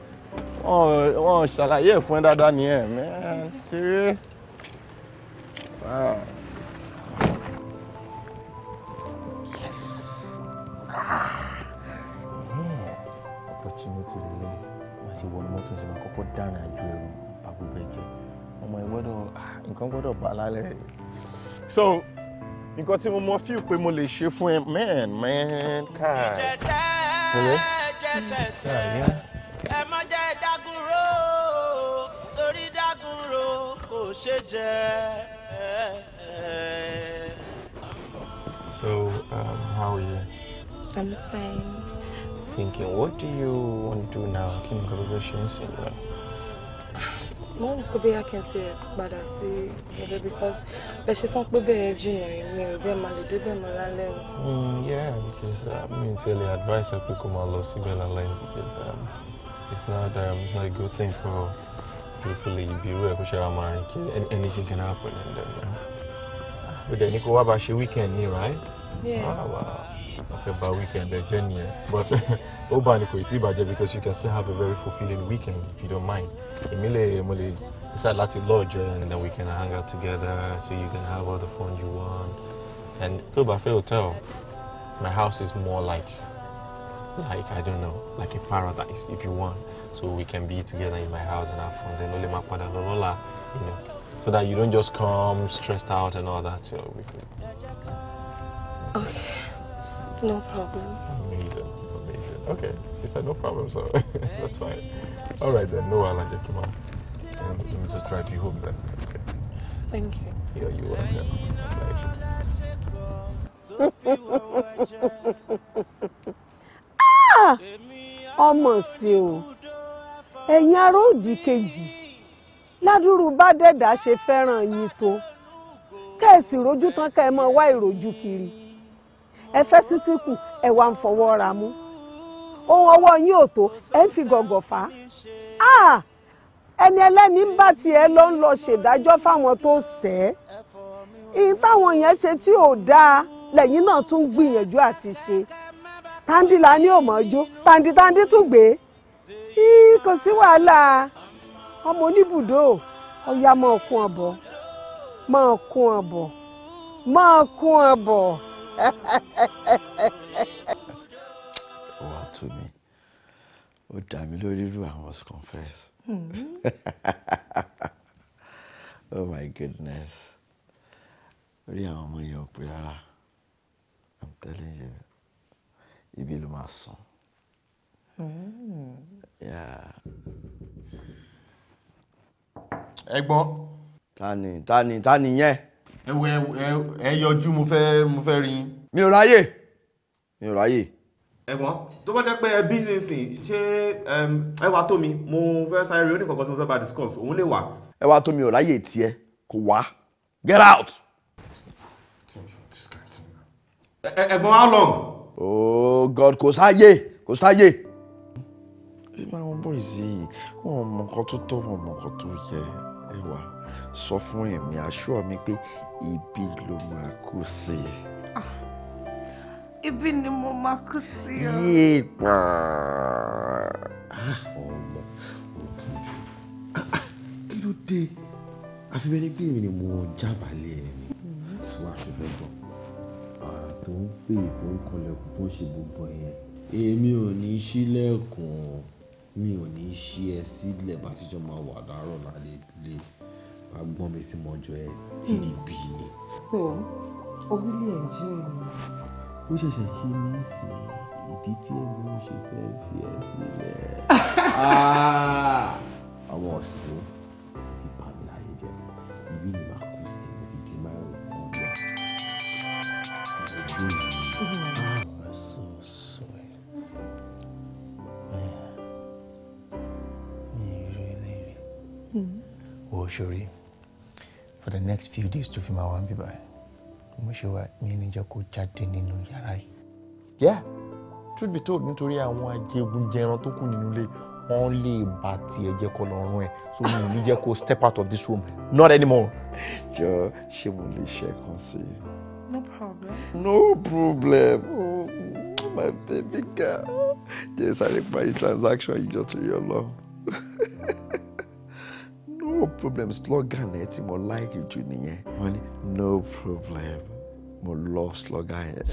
oh oh ṣàlàyé fún dáadáa nìyẹn man serious wow. yes ah. yeah. opportunity lele láti wọ more to see my kọ́kọ́ dáná and ẹrù ọmọ ìgbọ́dọ̀ nǹkan gbọ́dọ̀ bá lálẹ́ so nǹkan tí mo mọ fíù pé mo lè ṣe fún ẹ man man káà. ìjẹtẹ jẹtẹsẹ ẹ mọ jẹ dagunro torí dagunro kò ṣe jẹ. so um, how are you. I'm fine. thinking what do you want to do now kí n kọ́ bí ṣe ń sìn náà mo rò pé bóyá kí n tiẹ̀ padà sí ẹgbẹ́ because bẹ́ẹ̀ ṣe sọ pé bẹ́ẹ̀ jìnnà mi ò bẹ́ẹ̀ máa lè dé bẹ́ẹ̀ mọ́ lálẹ́ o. Hmm, yeah because uh, mi ò tẹ̀lé advice ẹ pé kó máa lọ síbẹ̀ lálẹ́ because um, it's not um, it's not a good thing for hopefully ibi irú ẹ̀ kó ṣe máa rìn kiri anything can happen and then. ó dẹ̀ ní kó wá bá ṣe weekend ni right? yeah. Ah, wow. afẹ́bà weekend ẹ jẹ́ nìyẹn but ó bá ní kò tí ì because you can still have a very fulfilling weekend if you don't mind èmi lè mo lè decide láti eh, and then we can hang out together so you can have all the fun you want and tó hotel my house is more like like I don't know like a paradise if you want so we can be together in my house and have fun then ó lè máa you know so that you don't just come stressed out and all that so we could. Okay. No problem. Amazing, amazing. Okay, she said no problem, so that's fine. All right then, no I'll Alaja Kima. And let me just drive you home then. Okay. Thank you. Here you are. Yeah. ah! ọmọ sí o ẹ̀yin ará òdì kejì ládùúrú bá dẹ̀dá ṣe fẹ́ràn yín tó kẹ́ ẹ̀ sì rójú tán kẹ́ ẹ mọ wá ìrójú kiri ẹ fẹ́ sísí kù ẹ wá ń fọwọ́ ra mú ohun ọwọ́ yín ò tó ẹ ń fi gọ̀gọ̀ fà á ah! ẹni ẹlẹ́ni ń bá tiẹ̀ lọ ń lọ ṣèdájọ́ fáwọn tó ṣẹ̀ ẹ́ ìyí táwọn yẹn ṣe tí ò dáa lẹ́yìn náà tún gbìyànjú àti ṣe tandila ni ò Tandi tandi tún gbé kò sí wàhálà ọmọ oníbùdó ọ̀ya máa kún ọ̀bọ̀ máa kún ọ̀bọ̀ máa kún ọ̀bọ̀ wà to me? Oh, damn! dà mí lórí I must confess hmm. oh my goodness orí àwọn ọmọ yẹn ò pé rárá I'm telling you it will máa sùn. Hmm. ẹ̀gbọ́n. ta ni ta ni ta ni ẹ wọ ẹ yọjú mo fẹ́ mo fẹ́ rí yín. mi ò ráyè mi ò ráyè. ẹ̀gbọ́n tó bá jẹ́ pé ẹ bí sínsìn ṣé ẹ wá tó mi mo fẹ́ sáré oníkọ̀ọ̀kan tí mo fẹ́ bá discuss òun lè wà. ẹ wá tó mi ò ráyè tiẹ̀ kò wá get out. ẹ̀gbọ́n how long. oh god kò sáyè kò sáyè ṣé máa ń bọ̀ sí i wọn ò mọ nǹkan tó tọ́ wọn ò nǹkan tó yẹ ẹwà sọ fún ẹ̀mí aṣọ mi pé ibi ló máa kú sí i. Ah, ibi ni mo máa kú sí o. yéè pa ah, ọmọ òdúdú kí ló dé àfi bẹ́ẹ̀ ni ni mo jábàálẹ̀ ẹ̀ ni sọ àfihàn bọ̀ tó ń pè tó ń kọlẹ̀kùn tó ń ṣe gbogbo yẹn èmi ò ní ṣílẹ̀kùn mi ò ní ṣí ẹ sílẹ̀ bá ṣíjọ́ máa wà láàárọ̀ lálẹ́ ilé máa gbọ́n mi sí mọ́jọ ẹ tìdìbì ni. so o really enjoy mi. ó ṣẹ̀ṣẹ̀ ṣe mí sí ìdí tí ẹ̀gbọ́n ṣe fẹ́ fi ẹ sílẹ̀. Ah, àwọn ọ̀sìn. ṣòrí for the next few days tó fi máa wá ń mo ṣe wá mi ní jẹ́ kó jáde nínú yàrá yìí. yeah truth be told nítorí àwọn ajégunjẹran tó kù nínú ilé wọ́n lè bá tiẹ̀ jẹ́ kó lọ rún ẹ̀ so mi ò ní jẹ́ kó step out of this room not anymore. jọ ṣé mo lè ṣe kan sí i. no problem. no problem oh my baby girl jẹ́ sáré parí transaction yìí jọ torí ọlọ́run. no problem. problems slogan ẹ tí mo like jù nìyẹn wọ́n ní no problem mo love slogan yẹn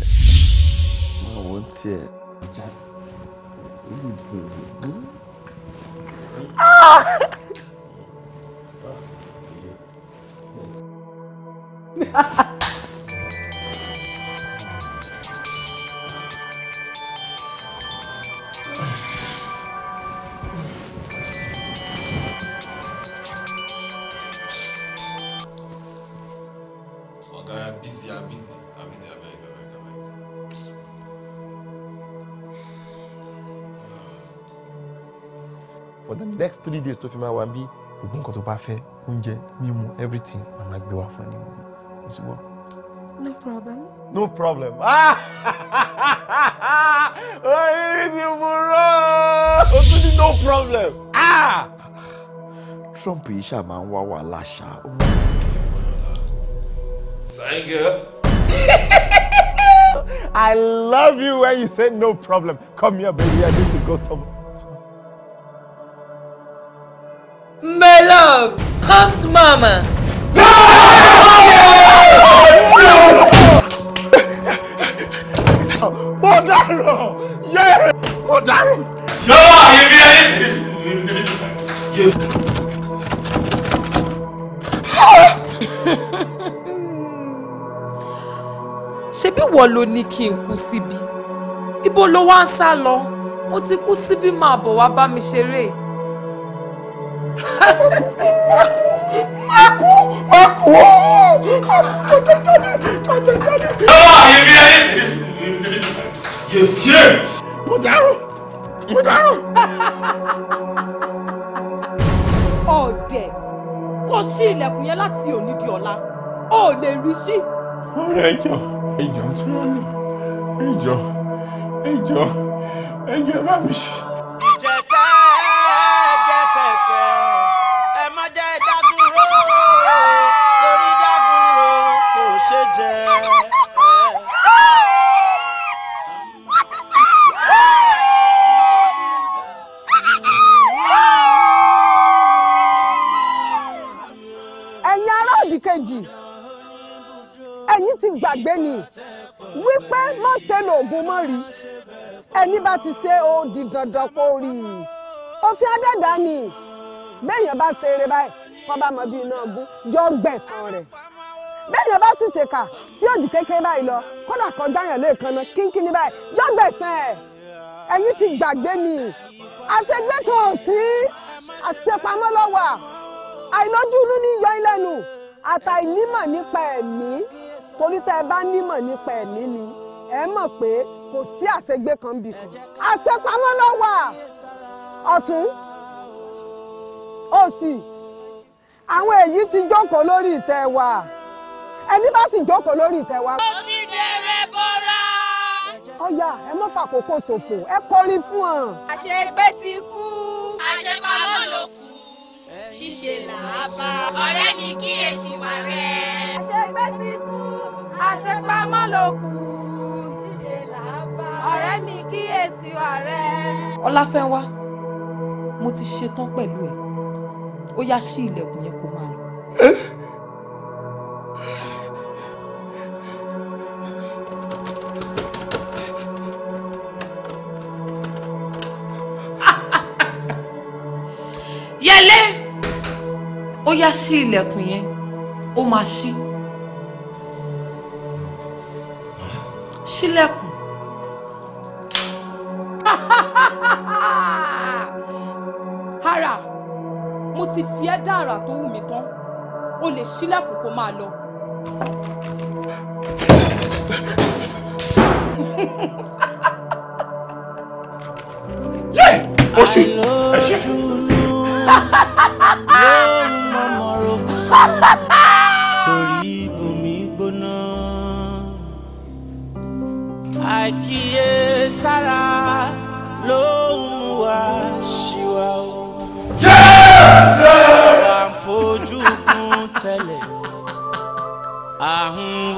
máa wọ́n tiẹ̀ really ah! dùn Ha ha! three days tó fi máa wà bí gbogbo nǹkan tó bá fẹ́ oúnjẹ mímu everything màá máa gbé wá fún ẹ ní gbogbo kò sí no problem. no problem. orí mi mú o tún ní no problem. Ah! Trump yìí ṣáà máa ń wá wàhálà ṣá. I love you when you say no problem. Come here, baby. I need to go somewhere. Kommt, Mama! Mo dáràn! Yé! Mo dáràn! Yọ èmi ayé mi! Ṣebí wọ́n ló ní kí n kú síbi? Ibo ló wá ń sá lọ? Mo ti kú síbi máa bọ̀ wá bá mi ṣeré. Maku, Maku, Maku, Tatatani, Tatatani. Ah, èmi ayé tèmi yèyé. Mo dárò, mo dárò. Ọ̀dẹ̀ kò ṣí ilẹ̀kùn yẹn láti òní di ọ̀la, o ò lè rí sí. Ọ̀rẹ́ ẹjọ́, ẹjọ́ tí wọ́n lò, ẹjọ́, ti gbàgbé ni wípé má ṣe lòògùn mọ́ rí ẹni bá ti ṣe ó di dandan kó rí i òfin adẹ́dá ni béèyàn bá ṣe eré báyìí kọ́ bá mọ bí iná ọgún yọ gbẹ̀san rẹ̀ béèyàn bá sì ṣèkà tí yóò di kékeré báyìí lọ kódà kan dáyàn lẹ́ẹ̀kan náà kínkínní báyìí yọ gbẹ̀san ẹ̀ ẹ̀yin ti gbàgbé ni àṣegbé kan ò sí àṣepamọ́ lọ́wọ́ àìlójú inú ní yọ ilẹ̀nu àtàìnímọ̀ nípa ẹ̀mí torí tẹ́ ẹ bá nímọ̀ nípa ẹ̀mí ni ẹ mọ̀ pé kò sí àṣegbé kan bì kan àṣepamọ́ ló wà ọ̀tún òsì àwọn èyí tí jókòó lórí ìtẹ́ wa ẹni bá sì jókòó lórí ìtẹ́ wa. ó sì dèrè bọ́lá. ọ̀yà ẹ mọ́ fàkókò ṣòfò ẹ kọrin fún wọn. àṣegbé ti kú àṣepamọ́ ló kù ṣíṣe làá bá ọ̀rẹ́ mi kíyèsí wa rẹ̀ àṣegbé ti kú àṣepamọ́ ló kù ṣíṣe làbá ọ̀rẹ́ mi kíyèsí ọ̀rẹ́. ọláfẹ́wá mo ti ṣetán pẹ̀lú ẹ̀ ó yá sí ilẹ̀kùn yẹn kó máa lọ. yẹlé ó yá sí ilẹ̀kùn yẹn ó máa ṣí. ṣílẹ̀kùn. ara mo ti fi ẹ́ dá àrà tó wù mí tán o lè ṣílẹ̀kùn kó máa lọ. ó sì ẹ ṣe.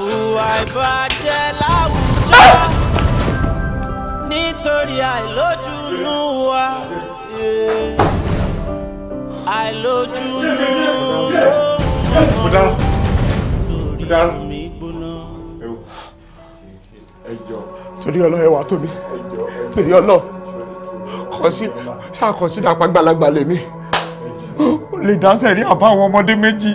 hùwà ìbàjẹ́ láwùjọ ah! nítorí àìlójúnú wa àìlójúnú ló ń mọ orí gbóná. sórí ọlọ́ ẹwà tó mi lèmi lè dá sẹ́rí àbá ọmọdé méjì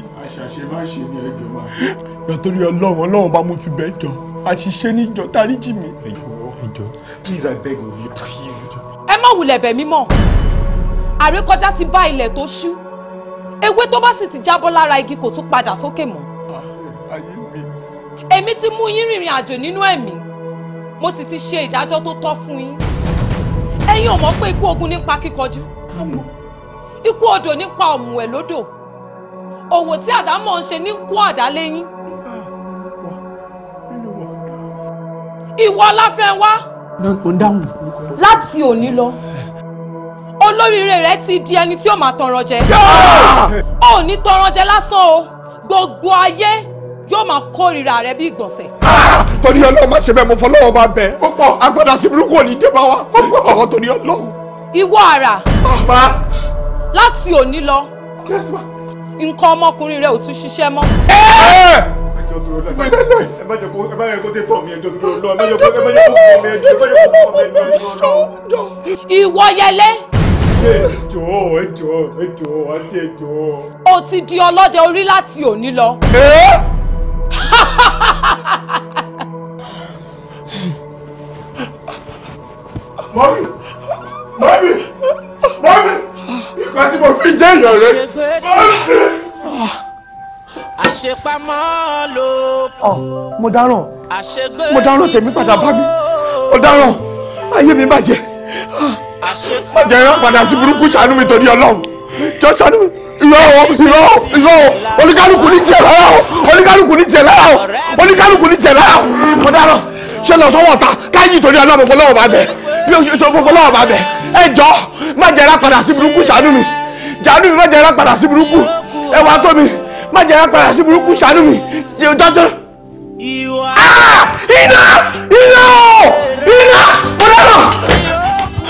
yọtọrí Ọlọ́run Ọlọ́run bá mo fi bẹ jọ àṣìṣe níjọ dáríjì mi. ẹjọ please i beg of you please. ẹ má wulẹ̀ bẹ̀ mí mọ́ àrékọjá ti bá ilẹ̀ tó ṣú ewé tó bá sì ti jábọ́ lára igi kò tún padà sókè mọ́. Ah, èmi ti mú yín rìnrìn àjò nínú ẹ̀mí mo sì ti ṣe ìdájọ́ tó tọ́ fún yín ẹ̀yin ò mọ̀ pé ikú ogun nípa kíkọjú ikú odò nípa ọ̀mùwẹ̀ lódò òwò tí àdámọ̀ ń ṣe ní kú àdá lẹ́yìn. ìwọ ọláfẹ́wá. mo ń dáhùn. láti òní lọ olóríire rẹ ti di ẹni tí ó máa tọrọ jẹ. ó ní tọrọ jẹ lásán o gbogbo ayé yóò máa kórìíra rẹ bí ìgbọ̀nsẹ̀. torí ọlọ́run má ṣe bẹ́ẹ̀ mo fọlọ́wọ́ máa bẹ̀ ó pọ̀ agbada sí burúkú ò ní dé bá wa ọ̀rọ̀ torí ọlọ́run. ìwọ àrà ah, láti òní lọ nǹkan ọmọkùnrin rẹ ò tún ṣiṣẹ́ mọ́. Eh! ẹjọ́ tó lọ ẹ má jẹ́ kó ẹ má jẹ́ kó tẹ tọ̀ mí ẹjọ́ tó lọ ẹ o ti di ọlọ́dẹ orí láti òní lọ. mọ́mí mọ́mí mọ́mí ìgbà tí mo fi jẹ́ ìyàrá mọ́mí àṣepamọ́ ló. ọ ah, mo dáràn mo dáràn tèmi padà bá mi mo dáràn ayé mi bàjẹ́ ah, bàjẹ́ ìran padà sí burúkú ṣàánú mi torí ọlọ́run jọ ṣàánú mi irọ́ irọ́ oníkálukú ní tiẹ̀ lára o oníkálukú ní tiẹ̀ lára o oníkálukú ní tiẹ̀ lára o mo dáràn ṣe lọ sọ́wọ́ ta káyì torí ọlọ́run kò lọ́wọ́ bá bẹ̀ bí o ṣe kò lọ́wọ́ bá bẹ̀ ẹ jọ má jẹ́ ìran padà sí burúkú ṣàánú mi ṣàánú mi má jẹ́ ìran padà sí burúkú ẹ wá tó mi má jẹ́ ká padà sí burúkú ṣàánú mi jẹ́ o dájọ́. Ah! iná iná o iná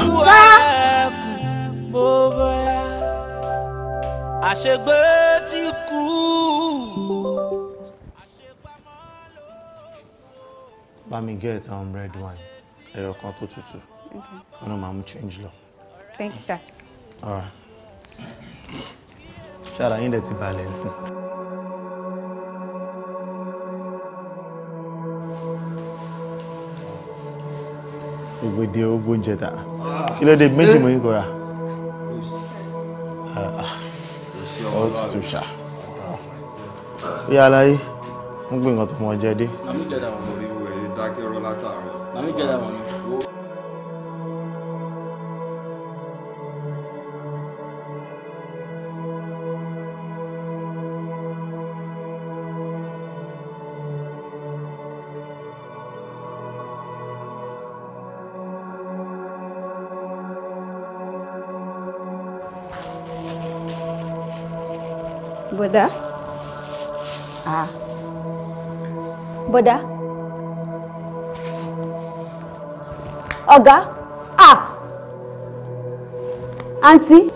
mo dáná. àṣegbè ti kú. bá mi get um, red wine ẹyọ kan tó tutù wọn náà máa mú change lọ. thank you sir. All right ṣára yín dẹ̀ ti balẹ̀ sí. ìgbèdè ogún jẹta kí ló dé méjì mú yín kóra ọ ah, ah. tutù ṣá bí aláyé ń gbé nǹkan tó mọ jẹ dé. Bọ̀dá. Ah. Bọ̀dá. Oga. Ah. Àǹtí.